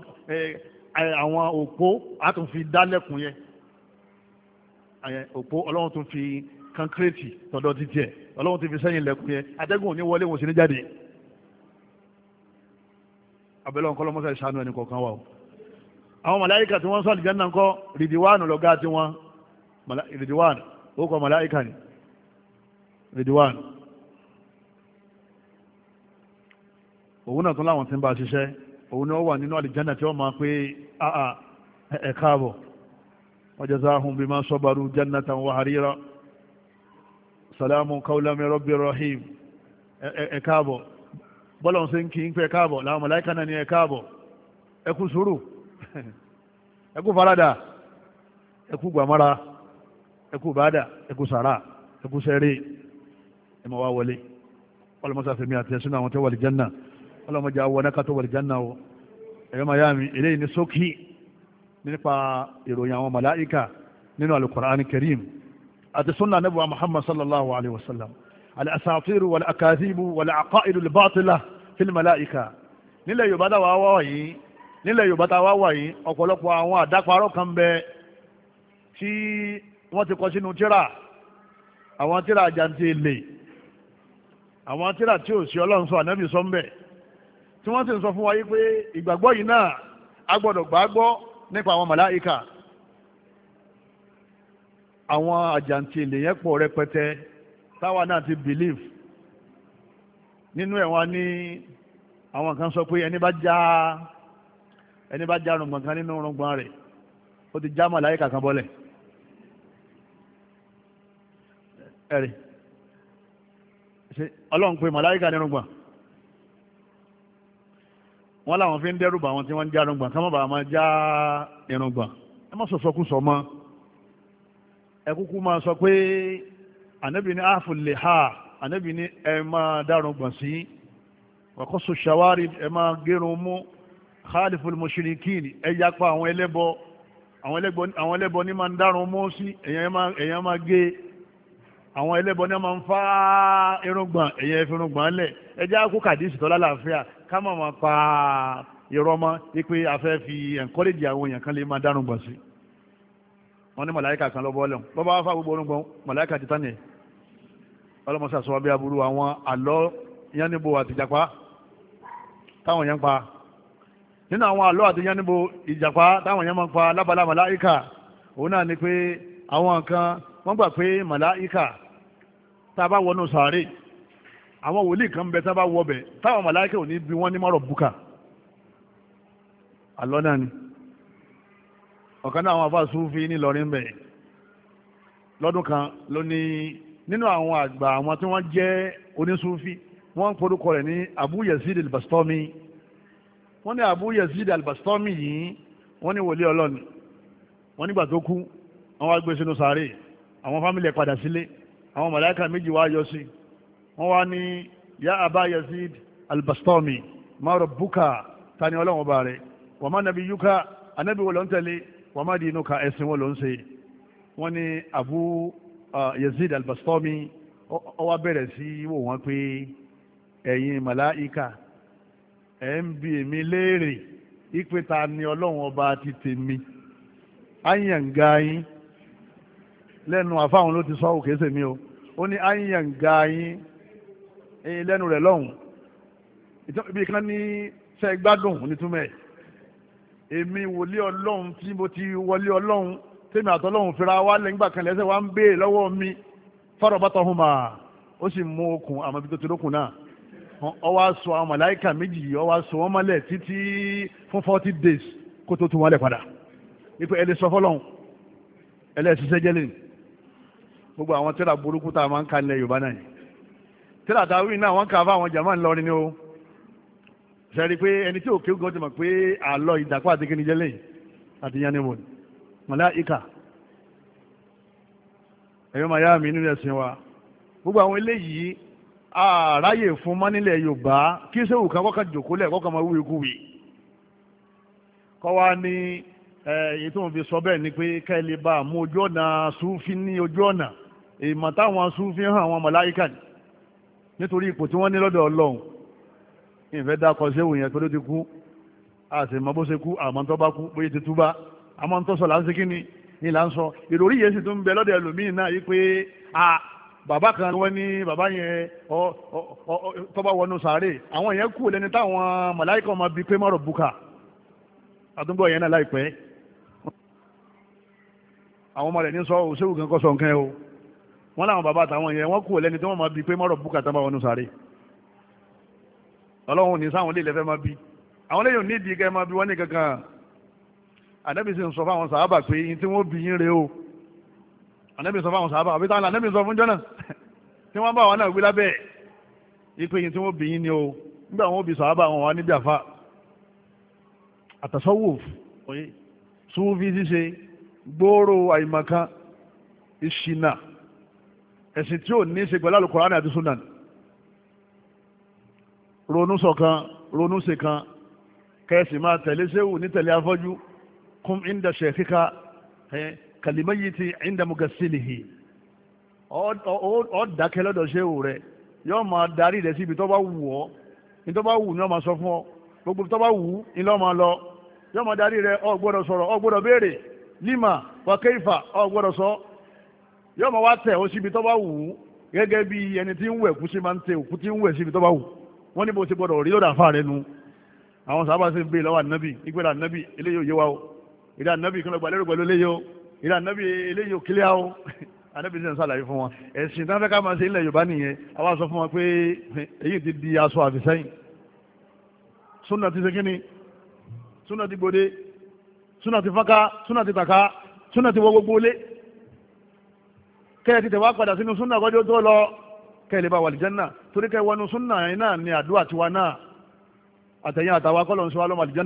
àwọn òpó àtún fi dálẹ̀kùn yẹ òpó ọlọ́wọ́n tún fi kankireti tọ̀dọ̀ títí ẹ̀ ọlọ́wọ́n tún fi sẹ́yìn lẹ̀kùn yẹ atẹ́gùn òní wọlé wọn sì ní jáde abẹ́lẹ́ ọ̀kọ́lọ́mọ́sá ìṣàánú ẹnì kọ̀ọ̀kan wà o àwọn màláìkà tí wọ́n sọ àlìjánná ńkọ́ rìdíwáànù lọ́gá tí wọ́n rìdíwáànù ó kọ màláìkà ni rìdíwáànù òun náà tún láwọn tí ń bá ṣiṣẹ́ òun náà wà nínú àlìjánná tí wọ́n máa pé àà ẹ̀ káàbọ̀ wọ́n jẹ́ sáà hùn bí máa sọ́barú jannatan wa harira salamu kaulami rabbi rahim ẹ káàbọ̀ bọ́lọ̀ ń ń kí ń pẹ́ káàbọ̀ láwọn màláìkà náà ni ẹ káàbọ̀ ẹ kú sùúrù ẹ kú farada ẹ kú gbàmọ́ra ẹ kú bàdà ẹ kú sàrà ẹ kú sẹ́rí ẹ máa wá wọlé ọlọ́mọsá fèmí àti ẹ̀sùn àwọn tó wà lè jẹ́nà ọlọ́mọdé àwọn ẹ̀ka tó wà lè jẹ́nà o ẹ̀yọ́ máa yá mi eléyìí ní sókí nípa ìròyìn àwọn màláìka nínú alukur'an karim àti sunna nabi wa muhammad sallallahu alaihi wa sallam al-asatir wal-akadhibu wal-aqaid al-batila fil malaika yorùbá dáwà wáwá yìí nílẹ̀ yorùbá tá a wá wà yìí ọ̀pọ̀lọpọ̀ àwọn àdáparọ́ kan bẹ tí wọ́n ti kọ sínú tíra àwọn tíra àjàǹtì èlé àwọn tíra tí ò sí ọlọ́run sọ ànábì sọ ń bẹ̀ tí wọ́n sì ń sọ fún wa yìí pé ìgbàgbọ́ yìí náà a gbọ́dọ̀ gbàgbọ́ nípa àwọn màláìka àwọn àjàǹtì èlé yẹn pọ̀ rẹpẹtẹ táwa náà ti believe nínú ẹ̀ wọ́n ní àwọn kan sọ pé ẹni bá já a ẹni bá já rùngbọ̀n kan nínú rùngbọ̀n rẹ̀ ó ti já màláíkà kan bọ́lẹ̀ ẹ̀rì ọlọ́run pé màláíkà ní rùngbọ̀n wọ́n láwọn fi ń dẹ́rù bà wọn tí wọ́n ń já rùngbọ̀n ká má bàa máa já irùngbọ̀n ẹ má sọ sọkú sọ mọ́ ẹ kúkú máa sọ pé ànábì ní àfùlè ha ànábì ní ẹ máa dárùngbọ̀n sí wàkọ́sọ ṣàwárí ẹ máa gérun mú khaliful mushrikin ẹ yapa àwọn ẹlẹ́bọ àwọn ẹlẹ́bọ ní máa ń dárun mọ́ sí èèyàn máa gé àwọn ẹlẹ́bọ ní máa ń fa irùngbọ̀n èèyàn ìfirùngbọ̀n lẹ̀ ẹ jẹ́ àkókò kàdísì tọ́lá làáfíà ká máa máa pa irọ́ mọ́ wípé a fẹ́ fi encourage àwọn èèyàn kan lè máa dárun gbọ̀n sí wọ́n ní màláìkà kan lọ́bọ́ lẹ́hùn bọ́bá wá fà gbogbo orúngbọ̀n màláìkà ti tán nìyẹn ọlọ́mọṣà sọ wá bí aburú àwọn àlọ́ yánnibó àtìjàpá táwọn yẹn ń pa nínú àwọn àlọ́ àtijọ́ níbo ìjàpá táwọn èèyàn máa ń pa lábala màláìkà òun náà ni pé àwọn kan wọ́n gbà pé màláìkà tá a bá wọnú sàárè àwọn wòlíì kan bẹ tá a bá wọ bẹ táwọn màláìkà ò ní bí wọ́n ní mọ́rọ̀ bùkà àlọ́ náà ni ọ̀kan náà àwọn afáà súnfì nílọrin bẹ̀ lọ́dún kan ló ní nínú àwọn àgbà àwọn tí wọ́n jẹ́ onísúnfì wọ́n ń porúkọ rẹ̀ ní Abu Yazid al-Bastami wọ́n ní Abu Yazid al-Bastami yìí wọ́n ní wòlíì ọlọ́ni wọ́n nígbà tó kú wọ́n wá gbé sínú sàárè àwọn fámìlì padà sílé àwọn màláíkà méjì wá yọ sí wọ́n wá ní ya Aba Yazid al-Bastami ma tani ọlọ́run ọba rẹ̀ wa ma nabiyuka anábì wo ló ń tẹ̀lé wa ma dinuka ẹ̀sìn wo ló ń ṣe wọ́n ní Abu Yazid al-Bastami ó wá bẹ̀rẹ̀ sí wò wọ́n pé ẹ̀yin màláíkà ẹ̀ ń bi èmi léèrè ìpè ta ni ọlọ́run ọba ti tèmi áyànga lẹ́nu àfáwọn ló ti sọ òkè sèmi o ó ní áyànga yín lẹ́nu rẹ̀ lọ́hùn ibi kan ní sẹ́ gbádùn nítumẹ̀ èmi wòlé ọlọ́run tí mo ti wọlé ọlọ́run tèmi àtọ́lọ́run fira lẹ́gbà wa ń béè lọ́wọ́ mi fọ́rọ̀ ó sì mú okùn àmọ́ ibi ti lókun náà. ó wá sọ àwọn màláìkà méjì ó wá sọ mọ́lẹ̀ títí fún forty days kó tó tún wọ́n lẹ̀ padà wípé ẹ lè sọ fọlọ́hún ẹ lè ṣiṣẹ́ jẹ́lẹ̀ gbogbo àwọn tẹ́lá burúkú tá a máa ń ka nílẹ̀ Yorùbá náà yìí tẹ́lá dáwìn náà wọ́n kà fáwọn jàmáà ńlọrin ni ó sẹ́rí pé ẹni tí òkè gọ́ọ̀tì mọ̀ pé àlọ́ ìdàpọ̀ àti kíni jẹ́lẹ̀ àti yanibo màláìkà ẹ̀yọ́ màyá mi nínú ẹ̀sìn wa gbogbo àráyè fún mánilẹ̀ yorùbá kí sẹ́wù kan kọ́kàn jòkólẹ̀ kọ́kàn máa wúwo ikúwì kọ́ wa ní èyí tó ń fi sọ bẹ́ẹ̀ ni pé kẹ́lẹ́ bá mú ojú ọ̀nà súnfí ní ojú ọ̀nà ìmọ̀ táwọn súnfí hàn àwọn màláíkà ni nítorí ipò tí wọ́n ní lọ́dọ̀ ọlọ́run ìfẹ́ dákọ sẹ́wù yẹn tó ló ti kú àti mọ bó ṣe kú àmọ́ tó bá kú bóyá ti túbá àmọ́ tó sọ là ń ni ni ìròrí yẹn sì tún bẹ lọ́dọ̀ ẹlòmíín náà yí pé bàbá kan wọ́n ní bàbá yẹn tọ́ba wọnú sàárè àwọn yẹn kú lẹ́ni táwọn màláìkà máa bi pé mọ́rọ̀ buka àdúgbò yẹn náà láìpẹ́ àwọn ọmọ rẹ̀ ní sọ òṣèlú kan kọ́ sọ o wọ́n láwọn bàbá àtàwọn yẹn wọ́n kú lẹ́ni tí wọ́n máa bi pé mọ́rọ̀ buka tọ́ba wọnú sàárè ọlọ́run ní sáwọn ilé ìlẹ́fẹ́ máa bi àwọn lẹ́yìn òní ìdí kẹ́ máa bi wọ́n ní kankan ànábì sì ń sọ fáwọn sàábà pé yín tí wọ́n bi yín re o ànábì sọ fáwọn sàábà àbí táwọn ànábì sọ fún jọ́nà tí wọ́n bá wọn náà wí lábẹ́ ipe yìí tí wọ́n bìyín ni o nígbà wọn bí sàábà wọn wà níbi àfa àtàsọ́wò oye súnfí ṣíṣe gbòòrò àìmọ̀kan ìṣìnà ẹ̀sìn tí ò ní ṣe pẹ̀lú àlùkòránì àti sunan ronú sọ̀kan ronú ṣèkan kẹ́sì máa tẹ̀lé séwù ní tẹ̀lé afọ́jú kún ti ọ dákẹ́ lọ́dọ̀ ṣéwù rẹ̀ yóò máa darí rẹ̀ síbi tó bá wù ọ́ ní tó bá wù ní ọ máa sọ fún ọ gbogbo tó bá wù ní lọ́ máa lọ yóò máa darí rẹ̀ ọ gbọ́dọ̀ sọ̀rọ̀ ọ gbọ́dọ̀ béèrè lima wàkẹ́yìfà ọ gbọ́dọ̀ sọ yóò máa wá tẹ̀ ọ síbi tó bá wù gẹ́gẹ́ bí ẹni tí ń wẹ̀ kú sí máa ń tẹ òkú tí ń wẹ̀ síbi tó bá wù wọ́n ní bó ti gbọ́dọ̀ rí lọ́dà anábì sì ń sàlàyé fún wọn ẹ̀sìn tí wọ́n fẹ́ ká máa ṣe ilẹ̀ yorùbá nìyẹn àwa sọ fún wọn pé èyí ti di aṣọ àfìsẹ́yìn súnà ti ṣe kí ni súnà ti gbòde súnà ti fọ́nká súnà ti tàka súnà ti wọ gbogbo lé kẹ́ẹ̀ ti tẹ̀wá padà sínú súnà kọ́jọ́ tó lọ kẹ́ẹ̀ lè bá wà lìjẹ́ náà torí kẹ́ẹ̀ wọnú súnà yẹn náà ni àdúrà tiwa náà àtẹ̀yìn àtàwọn akọ́lọ̀ ń sọ wá lọ́mọ àlìjẹ́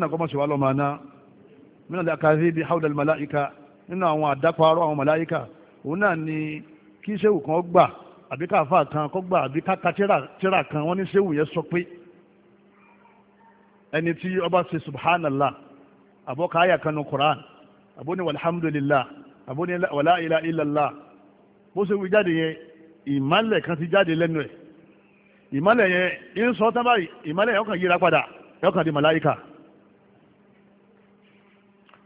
náà òun náà ni kí sẹ́wù kan gbà àbí káfà kan kọ́ gbà àbí káka tíra kan wọ́n ní sẹ́wù yẹn sọ pé ẹni tí ọba ṣe subhanallah àbọ̀ káyà kan ní Quran àbọ̀ ní walhamdulillah àbọ̀ ní wàlá ilà ilàlá bó ṣe wí jáde yẹn ìmálẹ̀ kan ti jáde lẹ́nu ẹ̀ ìmálẹ̀ yẹn ń sọ tán báyìí ìmálẹ̀ yẹn ọkàn yíra padà yọkàn di màláìkà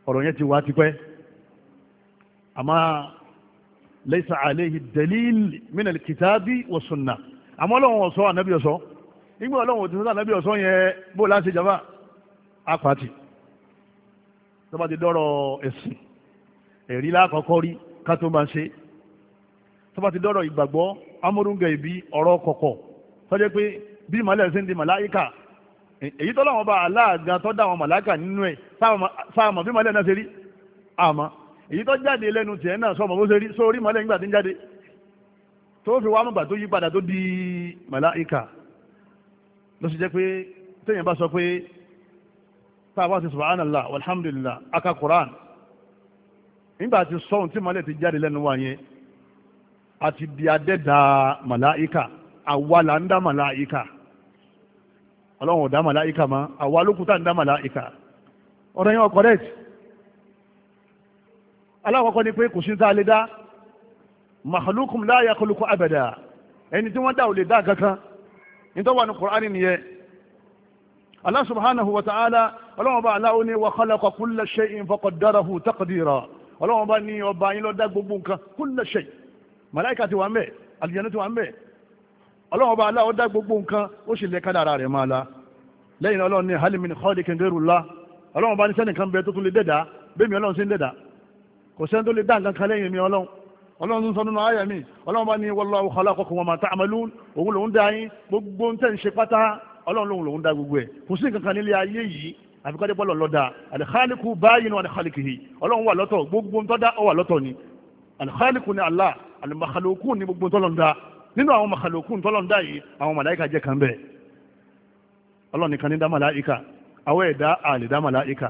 ọ̀rọ̀ yẹn ti wá tipẹ́ àmọ́ laysa alayhi dalil min al-kitabi wa sunnah àmọ́ ọlọ́run ọ̀sọ́ ànábì ọ̀sọ́ nígbà ọlọ́run òtún sọ́dọ̀ ànábì ọ̀sọ́ yẹn bó láti jàmbá apàtì tó bá ti dọ́rọ̀ ẹ̀sìn ẹ̀rí lákọ̀ọ́kọ́ rí ká tó máa ṣe tó bá ti dọ́rọ̀ ìgbàgbọ́ amúrúngẹ̀ ìbí ọ̀rọ̀ kọ̀kọ̀ tọ́jẹ́ pé bí màálẹ̀ ṣe ń di màláìkà èyí tọ́lọ́wọ́n bá aláàgá tọ́ dá àwọn màláìkà nínú ẹ̀ sáàmà bí màálẹ̀ náà ṣe rí àmọ́ èyí tó jáde lẹ́nu tiẹ̀ náà sọmọ bó ṣe rí sórí mọ́lẹ̀ nígbà tí ń jáde tó fi wá mọ̀gbà tó yí padà tó di màláìkà ló sì jẹ́ pé téèyàn bá sọ pé tá a bá ti subhanallah walhamdulillah aka quran nígbà tí sọ́hun tí mọ́lẹ̀ ti jáde lẹ́nu wa yẹn àti di adẹ́dà màláìkà àwa là ń dá màláìkà ọlọ́run ò dá màláìkà mọ́ àwa lókùtà ń dá ọ̀rọ̀ yẹn alákọ̀ọ́kọ́ ni pé kò sí tá a lè dá mahalukum la yakhluqu abada ẹni tí wọ́n dá ò lè dá kankan nítorí wà ní Qur'ani nìyẹn Allah subhanahu wa ta'ala ọlọ́wọ́n bá aláwo ni wa khalaqa kulla shay'in faqaddarahu taqdira ọlọ́wọ́n bá ní ọba yín ló dá gbogbo nǹkan kulla shay màláìka ti wà ń bẹ̀ àlùjànnú ti wà ń bẹ̀ ọlọ́wọ́n bá aláwo dá gbogbo nǹkan ó sì lè kádàrá rẹ̀ máa la lẹ́yìn ọlọ́run ní hal min khaliqin ghayrullah ọlọ́wọ́n bá ní sẹ́nìkan bẹ tó tún lè dẹ̀dá bẹ́ẹ̀ mi ọlọ́run sí ń dẹ̀dá kò sẹ́ni tó lè dá nǹkan kan lẹ́yìn mi ọlọ́run ọlọ́run tó ń sọ nínú ayé mi ọlọ́run bá ní wallahu khalaqakum wa ma ta'malun òun lòún dá yín gbogbo ń tẹ̀ ń ṣe pátá ọlọ́run lòun lòún dá gbogbo ẹ̀ kò sí nǹkan kan nílé ayé yìí àfikọ́dé bọ́ọ̀lù lọ́dà al-khaliqu báyìí al-khaliqihi ọlọ́run wà lọ́tọ̀ gbogbo ń tọ́dá ọ wà lọ́tọ̀ ni al ni Allah al ni gbogbo tọ́lọ́ndà nínú àwọn makhluqun tọ́lọ́ndà yìí àwọn màláìka jẹ́ kan bẹ́ẹ̀ ọlọ́run nìkan ní dá màláìka àwọn ẹ̀dá àlè dá màláìka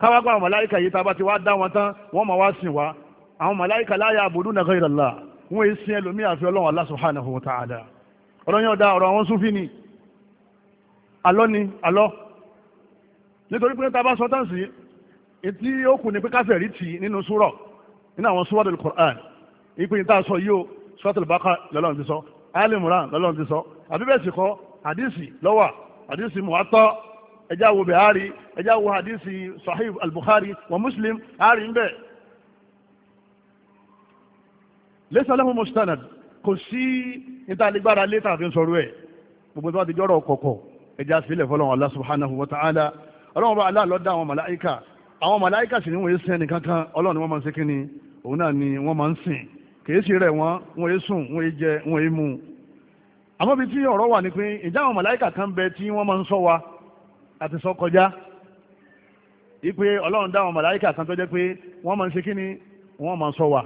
káwágbá àwọn màláìkà yìí tábà ti wá dá wọn tán wọ́n máa wá sìn wá àwọn màláìkà la ya'buduna ghayra Allah wọ́n èyí sin ẹlòmíì àfi ọlọ́run Allah subhanahu wa ta'ala ọ̀rọ̀ yẹn ọ̀dà ọ̀rọ̀ àwọn súnfì ni alọ́ ni alọ́ nítorí pé tábà sọ tán sí etí ó kù pé káfẹ́ rí tì nínú súrọ̀ nínú àwọn súwádìí Qur'an ìpín tá a sọ yìí o Suratul Baqara lọ́lọ́run ti sọ Ali lọ́lọ́run ti sọ àbíbẹ̀sì kọ́ hadisi lọ́wà hadisi muwatta ẹjá wo bihari ẹjá wo hadisi sahih al-bukhari wa muslim ari ń bẹ laysa lahu mustanad kò sí ìtàlégbára létà fi ń sọ̀rọ̀ ẹ̀ gbogbo tó bá ti jọ́rọ̀ kọ̀kọ̀ ẹjá sílẹ̀ fọlọ́n Allah subhanahu wa ta'ala ọlọ́run bá Allah ló dá àwọn màláìkà àwọn màláìkà sì ni wọ́n yé sin ẹnì kankan ọlọ́run ni wọ́n máa ń ṣe ni òun náà ni wọ́n máa ń sìn kìí rẹ̀ wọ́n wọ́n yé sùn wọ́n yé jẹ wọ́n yé mu àmọ́ bí tí ọ̀rọ̀ wà ní pé ìjà àwọn màláìkà kan bẹ tí wọ́n máa ń ṣọ́ wa àti sọ kọjá ipe ọlọ́run dáwọn màláíkà kan tó jẹ́ pé wọ́n máa ń ṣe kíni wọ́n máa ń sọ wa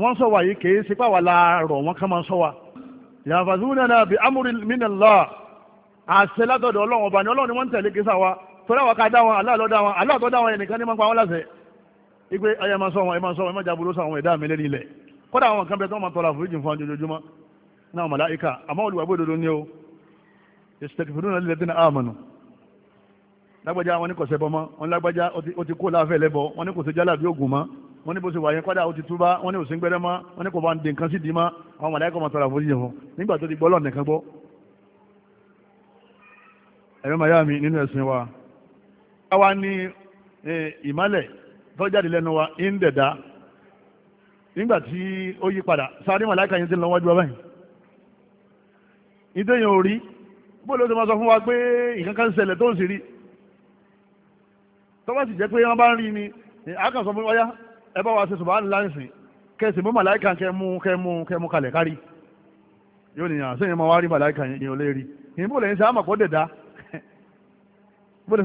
wọ́n sọ wa yìí kìí ṣe pàwọ́ láàárọ̀ wọ́n kàn máa ń sọ wa yafazunana bi amri minallah àṣẹ látọ̀dọ̀ ọlọ́run ọba ni ọlọ́run ni wọ́n ń tẹ̀lé kí sáwa torí àwọn ká dá wọn aláàlọ́ dá wọn aláàtọ́ dá wọn ẹnìkan ní máa ń pa wọn láṣẹ ipe ayé máa sọ wọn ẹ máa sọ wọn ẹ máa jaburú sọ àwọn ẹ̀dá lágbájá wọn ní kò ṣẹbọ mọ́ wọn lágbájá ó ti kó láàfẹ́ lẹ́bọ wọn ní kò ṣe jálàbí ògùn mọ́ wọn ní bó ṣe wà yẹn kọ́dà ó ti túbá wọn ní kò gbẹ́rẹ́ mọ́ wọn ní kò bá ń di nǹkan sí di mọ́ àwọn màláìkọ́ máa tọrọ àforíjì fún nígbà tó ti gbọ́ lọ́nà nìkan gbọ́. ẹ̀rọ màyá mi nínú ẹ̀sìn wa a wá ní ìmálẹ̀ tó lẹ́nu wa ń dẹ̀dá nígbà tí ó yí padà sáré màláìka yẹn ti lọ wájú ọba yìí ìdẹ́yìn ò rí bó ló ti máa sọ fún wa pé ìkankan ṣẹlẹ̀ tó ń sì rí tọ́wọ́ sì jẹ́ pé wọ́n bá ń rí ni àkànṣọ́ fún ọyá ẹ bá wa ṣe ṣùgbọ́n àdìlá ìsìn kẹsì mú màláìka kẹmú kẹmú kẹmú kalẹ̀ kárí yóò nìyàn sẹ́yìn máa wá rí màláìka yẹn ò lè rí ìbò lẹ́yìn sẹ́ àmọ̀ kó dẹ̀dá bó lè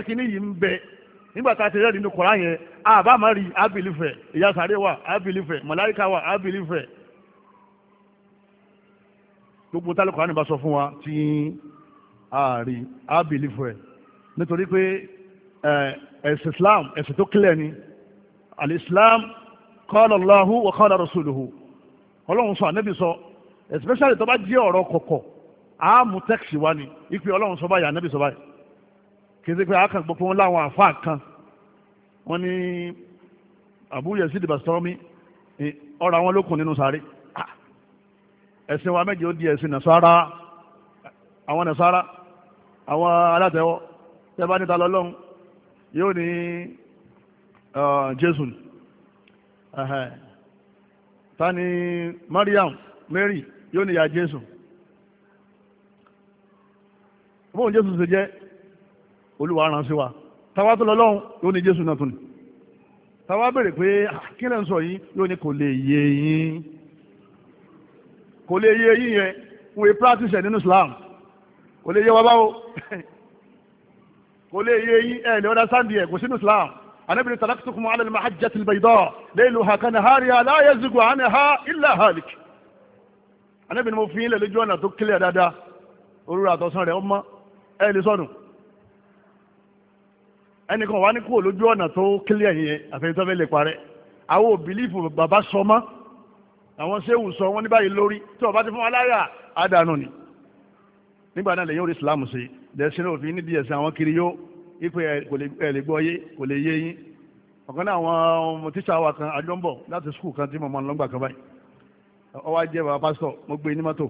sọ̀mọ̀ pé nígbà tá a ti rẹ́rìí inú kọ̀ọ̀rá yẹn àbá máa rí ábìlífẹ̀ ìyá sàárè wà ábìlífẹ̀ màláíkà wà ábìlífẹ̀ gbogbo tálẹ̀ kọ̀ọ̀rá ni bá sọ fún wa tí a rí ábìlífẹ̀ nítorí pé ẹ̀sìn Islam ẹ̀sìn tó kílẹ̀ ni al-Islam qala Allahu wa qala rasuluhu ọlọ́run sọ ànábì sọ especially tó bá jẹ́ ọ̀rọ̀ kọ̀kọ̀ àá mú tẹ́kṣì wá ni ìpè ọlọ́run sọ báyìí ànábì sọ báyìí kìí ṣe pé a kàn gbọ́ pé láwọn àfa kan wọ́n ní Abu Yazid Bastami ọ̀rọ̀ àwọn olókùn nínú sáré ah, ẹ̀sìn wa méje ó di ẹ̀sìn nàṣàrà àwọn nàṣàrà àwọn alátẹ̀wọ́ tẹ́ bá níta lọ́lọ́run yóò ní Jésù ta ni Mariam Mary yóò ní ya Jésù bóun Jésù ṣe jẹ́ olúwa ràn sí wa tàwa tó lọ lọ́hùn yóò ní jésù náà tún ni tàwa béèrè pé ah, kí lẹ́ ń sọ yín yóò ní kò lè yé yín kò lè yé yín yẹn wọ́n practice ẹ̀ nínú islam kò lè yé wa báwo kò lè yé yín ẹ̀ lè ọ̀dà sáǹdì ẹ̀ kò sínú islam anábìrin taraktukum ala al-mahajjati al-bayda layluha kanahariha la yazighu anha illa halik anábìrin mo fi yín lẹ̀ lójú tó kílẹ̀ dáadáa orúra àtọ̀sán rẹ̀ ọmọ ẹ̀ lè sọnù ẹnìkan wà ní kúrò lójú ọ̀nà tó kílẹ̀ yẹn àfẹ́yìntọ́ fẹ́ lè parẹ́ àwọn òbílífù bàbá sọ mọ́ àwọn séwù sọ wọn ní báyìí lórí tí ọba ti fún aláyà àdánù ni nígbà náà lè yóò islam sí lẹ́sìn òfin ní díẹ̀ sí àwọn kiri yó ipe ẹ̀ lè gbọ́ yé kò lè yé yín ọ̀kan náà àwọn ọmọ tíṣà wa kan àjọ láti skul kan tí mo mọ̀ lọ́gbà kan báyìí ọwọ́ ajẹ́ bàbá pásítọ̀ mo gbé e ní mọ́tò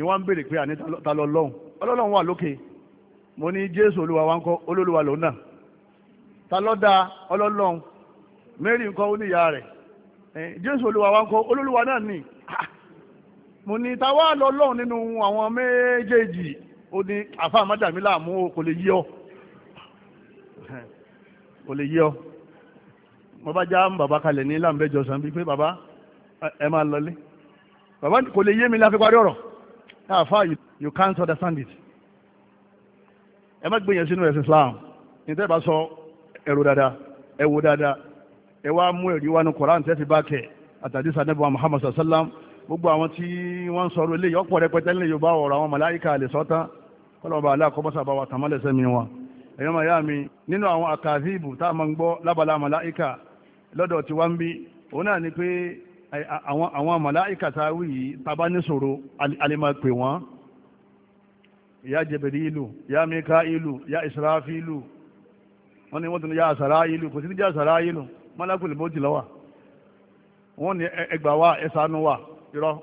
ìwọ́n ń béèrè pé àní ta lọ lọ́hùn ọlọ́lọ́hùn wà lókè mo ní jésù olúwa wa ń kọ́ olólùwà lòun náà ta ló dá ọlọ́lọ́run mary ń kọ́ ó ní ìyá rẹ̀ jésù olúwa wa ń kọ́ olólùwà náà nì ah, mo ní ta wá lọ́lọ́run nínú àwọn méjèèjì ó ní àfa àmọ́dàmí láàmú kò lè yí ọ kò lè yí ọ mo bá já bàbá kalẹ̀ ní láǹbẹ́jọ sàn bíi pé bàbá ẹ máa lọlé bàbá kò lè yé mi láfi parí ọ̀rọ̀ àfa you can't understand it ẹ má gbé sínú ẹ̀sìn Islam ní tẹ́ bá sọ ẹ̀rọ dáadáa ẹ wo dáadáa ẹ wá mú ẹ̀rí wá ní Koran tẹ́ bá kẹ̀ àtàdé sanabu Muhammad sallam gbogbo àwọn tí wọ́n ń sọ̀rọ̀ eléyìí ọ̀pọ̀ rẹpẹtẹ nílẹ̀ Yorùbá ọ̀rọ̀ àwọn màláyíkà lè sọ́tá kọ́lọ́ba aláàkọ́mọ́sà bá wa tàmálẹ̀ sẹ́mi wa ẹ̀yọ́ màá yá mi nínú àwọn àkàzíìbù tá a máa ń gbọ́ lábala màláyíkà lọ́dọ̀ tí wá ń bí òun náà ni pé àwọn màláyíkà tá a wí yìí tá a bá ní sọ̀rọ̀ a lè máa pè wọ́n ya jebedilu ya mikailu ya israfilu wọ́n ni wọ́n tún ya asarailu kò sí ní jẹ́ asarailu malakul mọ́jì lọ́wà wọ́n ni ẹgbà wa ẹsànú wa irọ́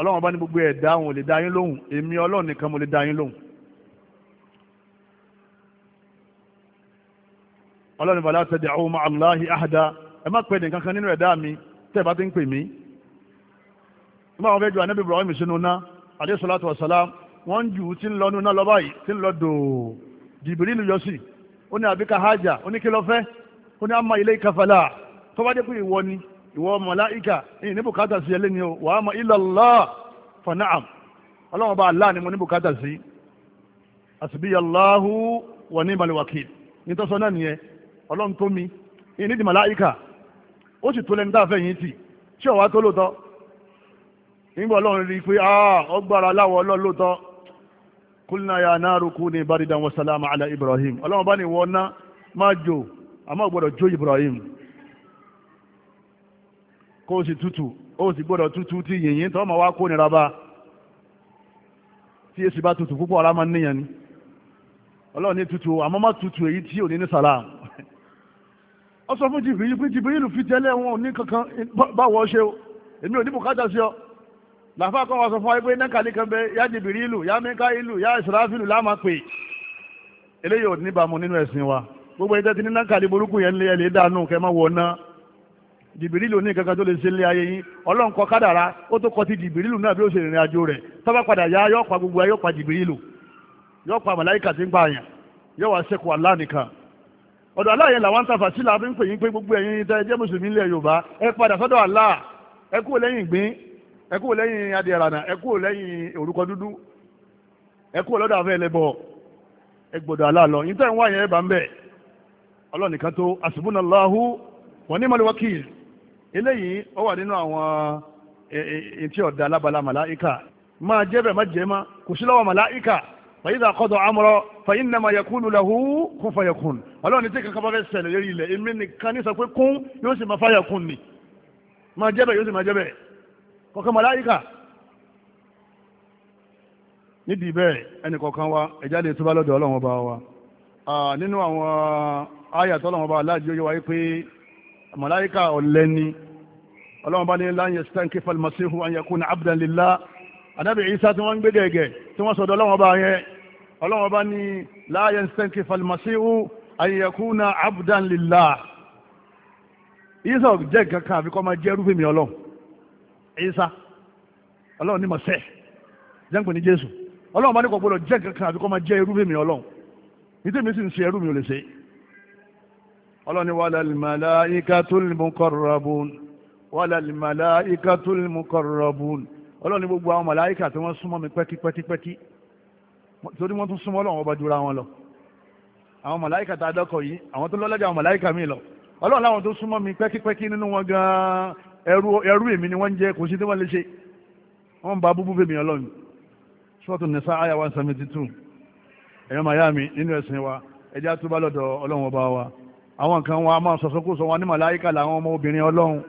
ọlọ́run bá ní gbogbo ẹ̀dá wọn ò lè dá yín lóhùn èmi ọlọ́run nìkan mo lè dá yín lóhùn ọlọ́run bá láti ṣẹ̀dẹ̀ ọmọ aláhi àhàdá ẹ má pẹ́ nìkan kan nínú ẹ̀dá mi tẹ́ bá ti ń pè mí nígbà wọn fẹ́ ju anábì Ibrahim sínú náà alayhi salatu wasalam wọ́n ń jù tí ń lọ nínú lọ́ba yìí tí ń lọ dòó jìbìrìlù yọ sí ó ní àbíká hajj ó ní kí ló fẹ́ ó ní àmà ilé ìkàfàlà tó bá dé pé ìwọ ni ìwọ màláíkà ní ní bùkátà sí ẹlẹ́ni o wàá mọ illallah fa na'am ọlọ́run bá aláà ni mo ní bùkátà sí àsìbíyàláhu wa ni'mal wakil ní tọ́sọ náà nìyẹn ọlọ́run tó mi ní ní di ó sì tó lẹ́ni tá a fẹ́ yín tì tí ọ̀wá tó lóòótọ́ nígbà ọlọ́run rí i pé ọgbàrá ah, aláwọ̀ ọlọ́run lóòótọ́ kúlínà ya náàrú kú ní ìbádìdá wọn sálámà alá Ibrahim ọlọ́run bá ní wọ́n ná máa jò àmọ́ gbọ́dọ̀ jó Ibrahim kó o sì tútù ó sì gbọ́dọ̀ tútù tí yìnyín tó máa wá kó nira bá tí èsì bá tútù púpọ̀ ara máa níyàn ni ọlọ́run ní tútù àmọ́ má tútù èyí tí ò ní ní sàlám ọ sọ fún jìbìrì pé jìbìrì lù fi tẹ́lẹ̀ wọn ò ní kankan báwọ̀ ṣe èmi ò ní bùkátà sí ọ làfà kan wà sọ fún wa pé nákàlí kan bẹ yá jìbìrì ìlú yá mẹ́ká ìlú yá ìsìráfìlù láàmà pè eléyìí ò níbàámu nínú ẹ̀sìn wa gbogbo ẹ̀jẹ̀ ti ní nákàlí burúkú yẹn lé ẹ̀lẹ́ dànù kẹ́ má wọ̀ náà jìbìrì ìlú ní kankan tó lè ṣe lé ayé yín ọlọ́run kọ kádàrá ó tó kọ ti jìbìrì ìlú náà bí ó ṣe rìnrìn àjò rẹ̀ padà yá pa gbogbo ẹ pa jìbìrì ìlú yóò pa màláìkà tí ń pa àyàn yóò wá ṣẹ́kù Allah nìkan ọ̀dọ̀ yẹn làwọn gbogbo ẹ̀yin mùsùlùmí ilẹ̀ Yorùbá ẹ kúrò lẹ́yìn adìyẹ̀rànà ẹ na lẹ́yìn orúkọ dúdú ẹ kúrò lọ́dọ̀ afẹ́ ẹlẹ́bọ ẹ gbọ́dọ̀ aláàlọ́ yìí tẹ́ ń wá yẹn ẹ bá ń bẹ̀ ọlọ́run nìkan tó asubúnàláhu wọn ní mọ́lẹ́wọ́kìl eléyìí ó wà nínú àwọn etí ọ̀dà alábala màláìka máa jẹ́ bẹ́ẹ̀ má jẹ́ má kò sí lọ́wọ́ màláìka fàyídà kọ́dọ̀ amọ̀rọ̀ fàyín kún ní tí kankan bá lórí èmi nìkan ní sọ pé kún yóò sì ni máa yóò sì kọ̀ọ̀kan màláyíkà nídìí bẹ́ẹ̀ ẹnì kọ̀ọ̀kan wa ẹ̀já lè túbá lọ́dọ̀ ọlọ́run ọba wa nínú àwọn àyà tọ́lọ́run ọba aláàjì yóò wáyé pé màláyíkà ọ̀lẹ́ni ọlọ́run bá ní láyé stanke falmasihu anyakuna abdan lillah anábì isa tí wọ́n ń gbé gẹ̀gẹ̀ tí wọ́n sọ̀dọ̀ ọlọ́run ọba yẹn ọlọ́run ọba ní láyé stanke falmasihu anyakuna abdan lillah isa jẹ́ kankan àfikọ́ máa jẹ́ rúfin mi ọlọ́run Isa ọlọ́run ní mọ̀sẹ́ jẹ́ǹpẹ̀ ní Jésù ọlọ́run bá ní kò gbọdọ̀ jẹ́ kankan àbí kó máa jẹ́ irú mi ọlọ́run nítorí mi sì ń ṣe irú mi ò lè ṣe ọlọ́run ní walal malaikatul muqarrabun walal malaikatul muqarrabun ọlọ́run ní gbogbo àwọn màláíkà tí wọ́n súnmọ́ mi pẹ́kípẹ́kípẹ́kí torí wọ́n tún súnmọ́ ọlọ́run ọba jura wọn lọ àwọn màláíkà tá a dọ́kọ̀ yìí àwọn tó lọ́lẹ́jà àwọn màláíkà mi lọ ọlọ́run láwọn tó súnmọ́ mi pẹ́kípẹ́kí nínú wọn gan-an ẹrú èmi ni wọ́n ń jẹ́ kò sí tí wọ́n lè ṣe wọ́n ń ba búbú bèmí ọlọ́run sọ́ọ̀tún nìsa àyà one seventy two ẹ̀yọ́ mayami nínú ẹ̀sìn wa ẹjẹ́ tó bá lọ́dọ̀ ọlọ́run ọba wa àwọn kan wa máa sọ̀sọ́ kó sọ wọn ní màláyíkà làwọn ọmọ obìnrin ọlọ́run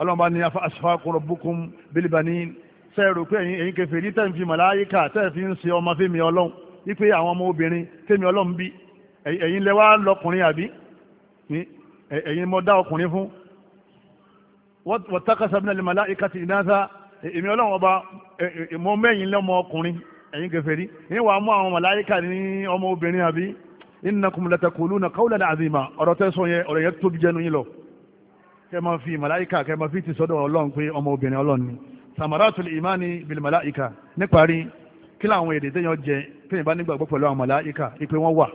ọlọ́run bá ní asfakum rabbukum bil banin sẹ́ẹ̀rù pé ẹ̀yin kèfèrí tẹ̀ ń fi màláyíkà tẹ̀ fi ń ṣe ọmọ fẹ́mi ọlọ́run wípé àwọn ọmọ obìnrin fẹ́mi ọlọ́run bí ẹ̀yin lẹ́wà lọkùnrin àbí ẹ̀yin mọ́ dá ọkùnrin fún wọ́tàkàsá minal malaikati inatha èmi ọlọ́run ọba ìmọ̀ mẹ́yìn lọ́mọ ọkùnrin ẹ̀yin kèfèrí ní wàá mú àwọn màláìka ní ọmọ obìnrin àbí innakum latakuluna qawlan azima ọ̀rọ̀ tẹ́ sọ yẹn ọ̀rọ̀ yẹn tóbi jẹnu yín lọ kẹ́ máa fi màláìka kẹ́ máa fi ti sọ́dọ̀ ọlọ́run pé ọmọ obìnrin ọlọ́run ni samaratul imani bil màláìka níparí kí làwọn èdè tẹ́yàn jẹ tẹ́yìn bá nígbàgbọ́ pẹ̀lú àwọn màláìka ìpè wọ́n wà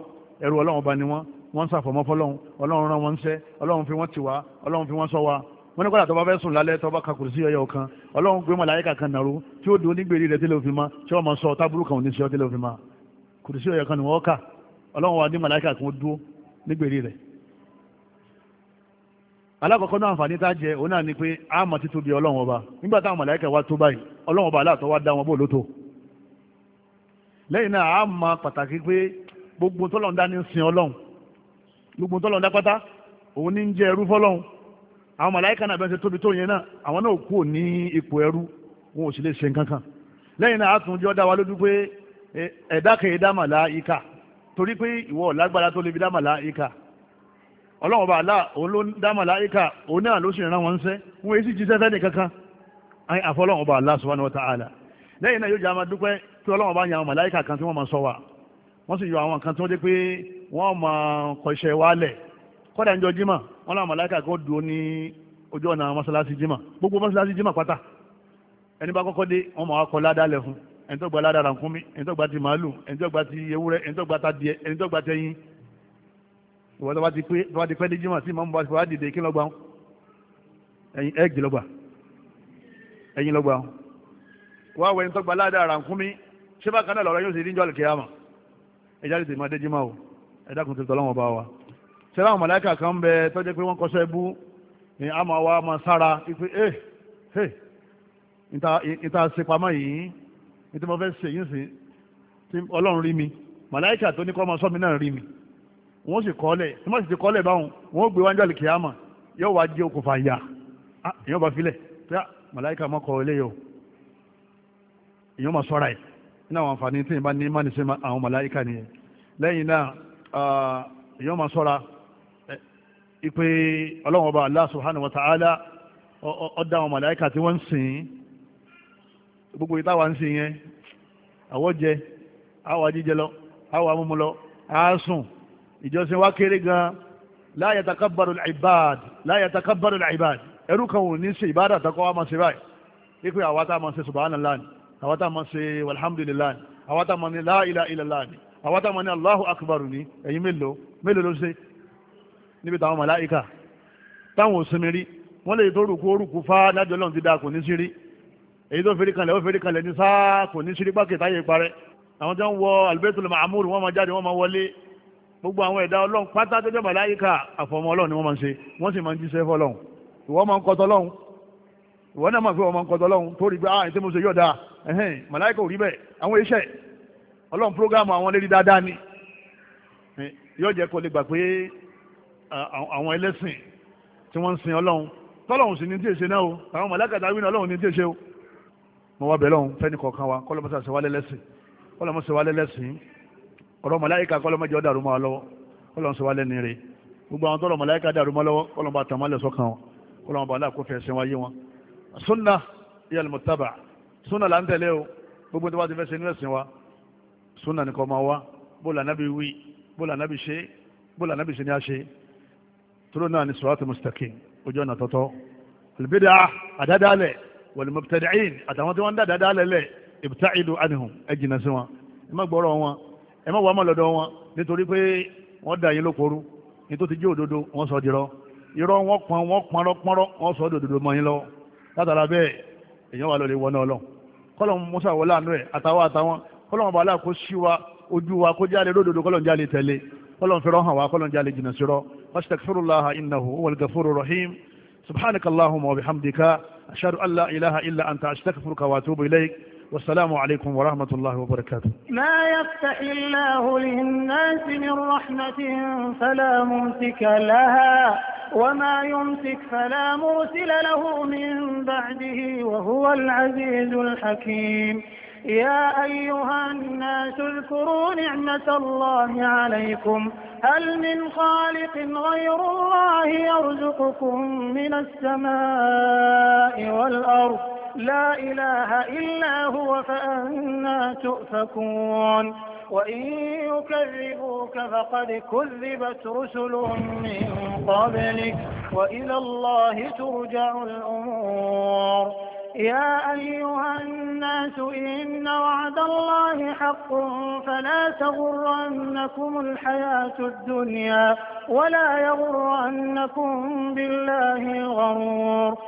ẹrú ọlọ́run ọba ni wọ́n wọ́n sàfọ̀mọ́ fọlọ́run ọlọ́run rán wọn ń sẹ́ ọlọ́run fi wọ́n ti wá ọlọ́run fi wọ́n sọ wa wọ́n ní kọ́lá tó bá fẹ́ sùn lálẹ́ tó bá ka kùrùsí ọyọ kan ọlọ́run gbé màláyíkà kan nàró tí ó dùn nígbèrè rẹ̀ tẹ́lẹ̀ òfin ma tí wọ́n máa sọ tábúrú kan ò ní sọ tẹ́lẹ̀ òfin ma ka ọyọ kan ni wọ́n kà ọlọ́run wa ní màláyíkà kan dúró nígbèrè rẹ̀. alákọ̀ọ́kọ́ náà àǹfààní tá a jẹ òun náà ni pé a mọ̀ títóbi ọlọ́run ọba nígbà táwọn wa tó báyìí ọlọ́run ọba wa a àwọn màláìka náà bẹ́ẹ̀ ṣe tóbi tó yẹn náà àwọn náà kú ní ipò ẹrú wọn ò sì lè ṣe nǹkan na lẹ́yìn náà àtúnjọ́ dá wa lójú pé ẹ̀dá kan ẹ̀dá màláìka torí pé ìwọ lágbára tó lè fi dá màláìka ọlọ́run bá àlá òun ló dá màláìka òun náà ló sì rán wọn ṣẹ́ wọn jíṣẹ́ fẹ́ nìkankan àfọlọ́run bá lẹ́yìn náà yóò jẹ́ àmà dúpẹ́ ọlọ́run bá àwọn kọ́dà ìjọ jímà wọ́n láwọn màláìkà kan dúró ní ojú ọ̀nà mọ́sálásí jímà gbogbo mọ́sálásí jímà pátá ẹni bá kọ́kọ́ dé wọ́n máa kọ́ ládàálẹ̀ fún ẹni tó gba ládàá rànkúnmí ẹni tó gba ti màálù ẹni tó gba ti ewúrẹ́ ẹni tó gba ta díẹ̀ ẹni tó gba tẹyin ìwọ́n tó bá ti pẹ́ dé jímà sí ìmọ̀ bá ti wá dìde kí lọ́gbà ẹ̀yìn ẹ̀gì lọ́gbà ẹ̀yìn lọ́gbà wá wẹ̀ ẹni tó gba ládàá rànkúnmí ṣé bákan náà lọ́rọ̀ yóò sì rí ń jọ́ àlùkìyàmà ẹ̀já lè tèmi adé jímà o ẹ̀dá kùn tó tọ́lọ́wọ́n bá wa ṣẹlá àwọn màláìkà kan ń bẹ tó pé wọ́n kọ́ṣẹ́ bú ni a máa wá máa sára ipe eh, ẹ ẹ ìta sepamọ́ yìí ní tí mo fẹ́ ṣe yín sí tí ọlọ́run rí mi màláìkà tó ní kọ́ máa sọ́mi náà rí mi wọ́n sì kọ́lẹ̀ tí wọ́n sì ti kọ́lẹ̀ báwọn wọ́n gbé wájú àlùkè àmà yóò wá jẹ́ okùnfà ìyá èèyàn bá filẹ̀ tí ilé yọ ah, máa ipe ọlọ́run ọba Allah subhanahu wa ta'ala ọ̀dá àwọn màláíkà tí wọ́n ń sìn gbogbo ìtawà ń sìn yẹn àwọ̀ jẹ àwọ̀ jíjẹ lọ àwọ̀ amúmu lọ àásùn ìjọsìn wa kéré gan la yatakabbaru al-ibad la yatakabbaru al-ibad ẹrú kan ò ní ṣe ìbádà àtàkọ́ wa máa ṣe báyìí ipe àwa tá a máa ṣe subhanallah ni àwa tá a máa ṣe walhamdulillah ni àwa tá a máa ní la ilaha àwa tá a máa ní Allahu akbar ni ẹ̀yin mélòó mélòó ló ṣe níbi táwọn màláìkà táwọn òsinmi rí wọ́n lè tó rùkú orùkú fá lájọ́ lọ́n ti dáa kò ní sí rí èyí tó fèrè kalẹ̀ ó fèrè kalẹ̀ ní sáà kò ní sí rí gbákè táyé parẹ́ àwọn tó ń wọ albetul mahamud wọ́n máa jáde wọ́n máa wọlé gbogbo àwọn ẹ̀dá ọlọ́run pátá tó jẹ́ màláìkà àfọmọ́ ọlọ́run ni wọ́n máa ń ṣe wọ́n sì máa ń jíṣẹ́ fọlọ́run ìwọ máa ń kọtọ ah ìtí mo ṣe yọ̀ dáa ẹ̀hìn màláìkà ò rí bẹ́ẹ̀ àwọn iṣẹ́ ọlọ́run prógámù àwọn lérí àwọn ẹlẹ́sìn tí wọ́n ń sin ọlọ́run tọ́lọ́run sì ní tí èsè náà o àwọn mọ̀lákàtà wíná ọlọ́run ní tí èsè o mo wá bẹ̀ lọ́hùn fẹ́ni kọ̀ọ̀kan wa kọ́lọ́mọ́sà ṣe wá lẹ́lẹ́sìn kọ́lọ́mọ́ ṣe wá lẹ́lẹ́sìn ọ̀rọ̀ mọ̀láyíkà kọ́lọ́mọ́jọ́ dàrú mọ́ lọ́wọ́ kọ́lọ́mọ́ ṣe wá lẹ́ni rè gbogbo àwọn tọ́lọ̀ mọ̀láyíkà dàrú mọ́ lọ́wọ́ kọ́lọ́mọ́ àtàmọ́lẹ̀ sọ́kàn wọn kọ́lọ́mọ́ bàálà kó fẹ́ sẹ́wọ́n mutaba sunna là o gbogbo tí wọ́n ti sunna nìkan máa wá bó lànà bí wí bó lànà bí ṣe bó lànà bí ṣe ni a ṣe tóró náà ní sọ́ràtù mustaqim ojú ọ̀nà tọ́tọ́ albid'a àdádálẹ̀ wal mubtadi'in àtàwọn tí wọ́n ń dá àdádálẹ̀ lẹ̀ ibta'idu anhum ẹ jìnnà sí wọn ẹ má gbọ́rọ̀ wọn ẹ má wàá má lọ́dọ̀ wọn nítorí pé wọ́n dà yín lókoru ní tó ti jẹ́ òdodo wọ́n sọ dirọ́ irọ́ wọn pọn wọn pọnrọ́ pọnrọ́ wọ́n sọ òdodo mọ́ yín lọ látara bẹ́ẹ̀ èèyàn wà lórí wọnà ọlọ kọlọ̀ musa wọ láàánú ẹ̀ àtàwọn àtàwọn kọlọ̀ ọba aláàkó sí wa ojú wa kó jáde lódodo kọlọ̀ ń jáde tẹ̀lé kọlọ̀ hàn wá kọlọ̀ ń jáde jìnnà واستغفر الله إنه هو الغفور الرحيم سبحانك اللهم وبحمدك أشهد أن لا إله إلا أنت أستغفرك وأتوب إليك والسلام عليكم ورحمة الله وبركاته ما يفتح الله للناس من رحمة فلا ممسك لها وما يمسك فلا مرسل له من بعده وهو العزيز الحكيم يا أيها الناس اذكروا نعمة الله عليكم هل من خالق غير الله يرزقكم من السماء والأرض لا إله إلا هو فأنا تؤفكون وإن يكذبوك فقد كذبت رسل من قبلك وإلى الله ترجع الأمور يا أيها الناس إن وعد الله حق فلا تغرنكم الحياة الدنيا ولا يغرنكم بالله الغرور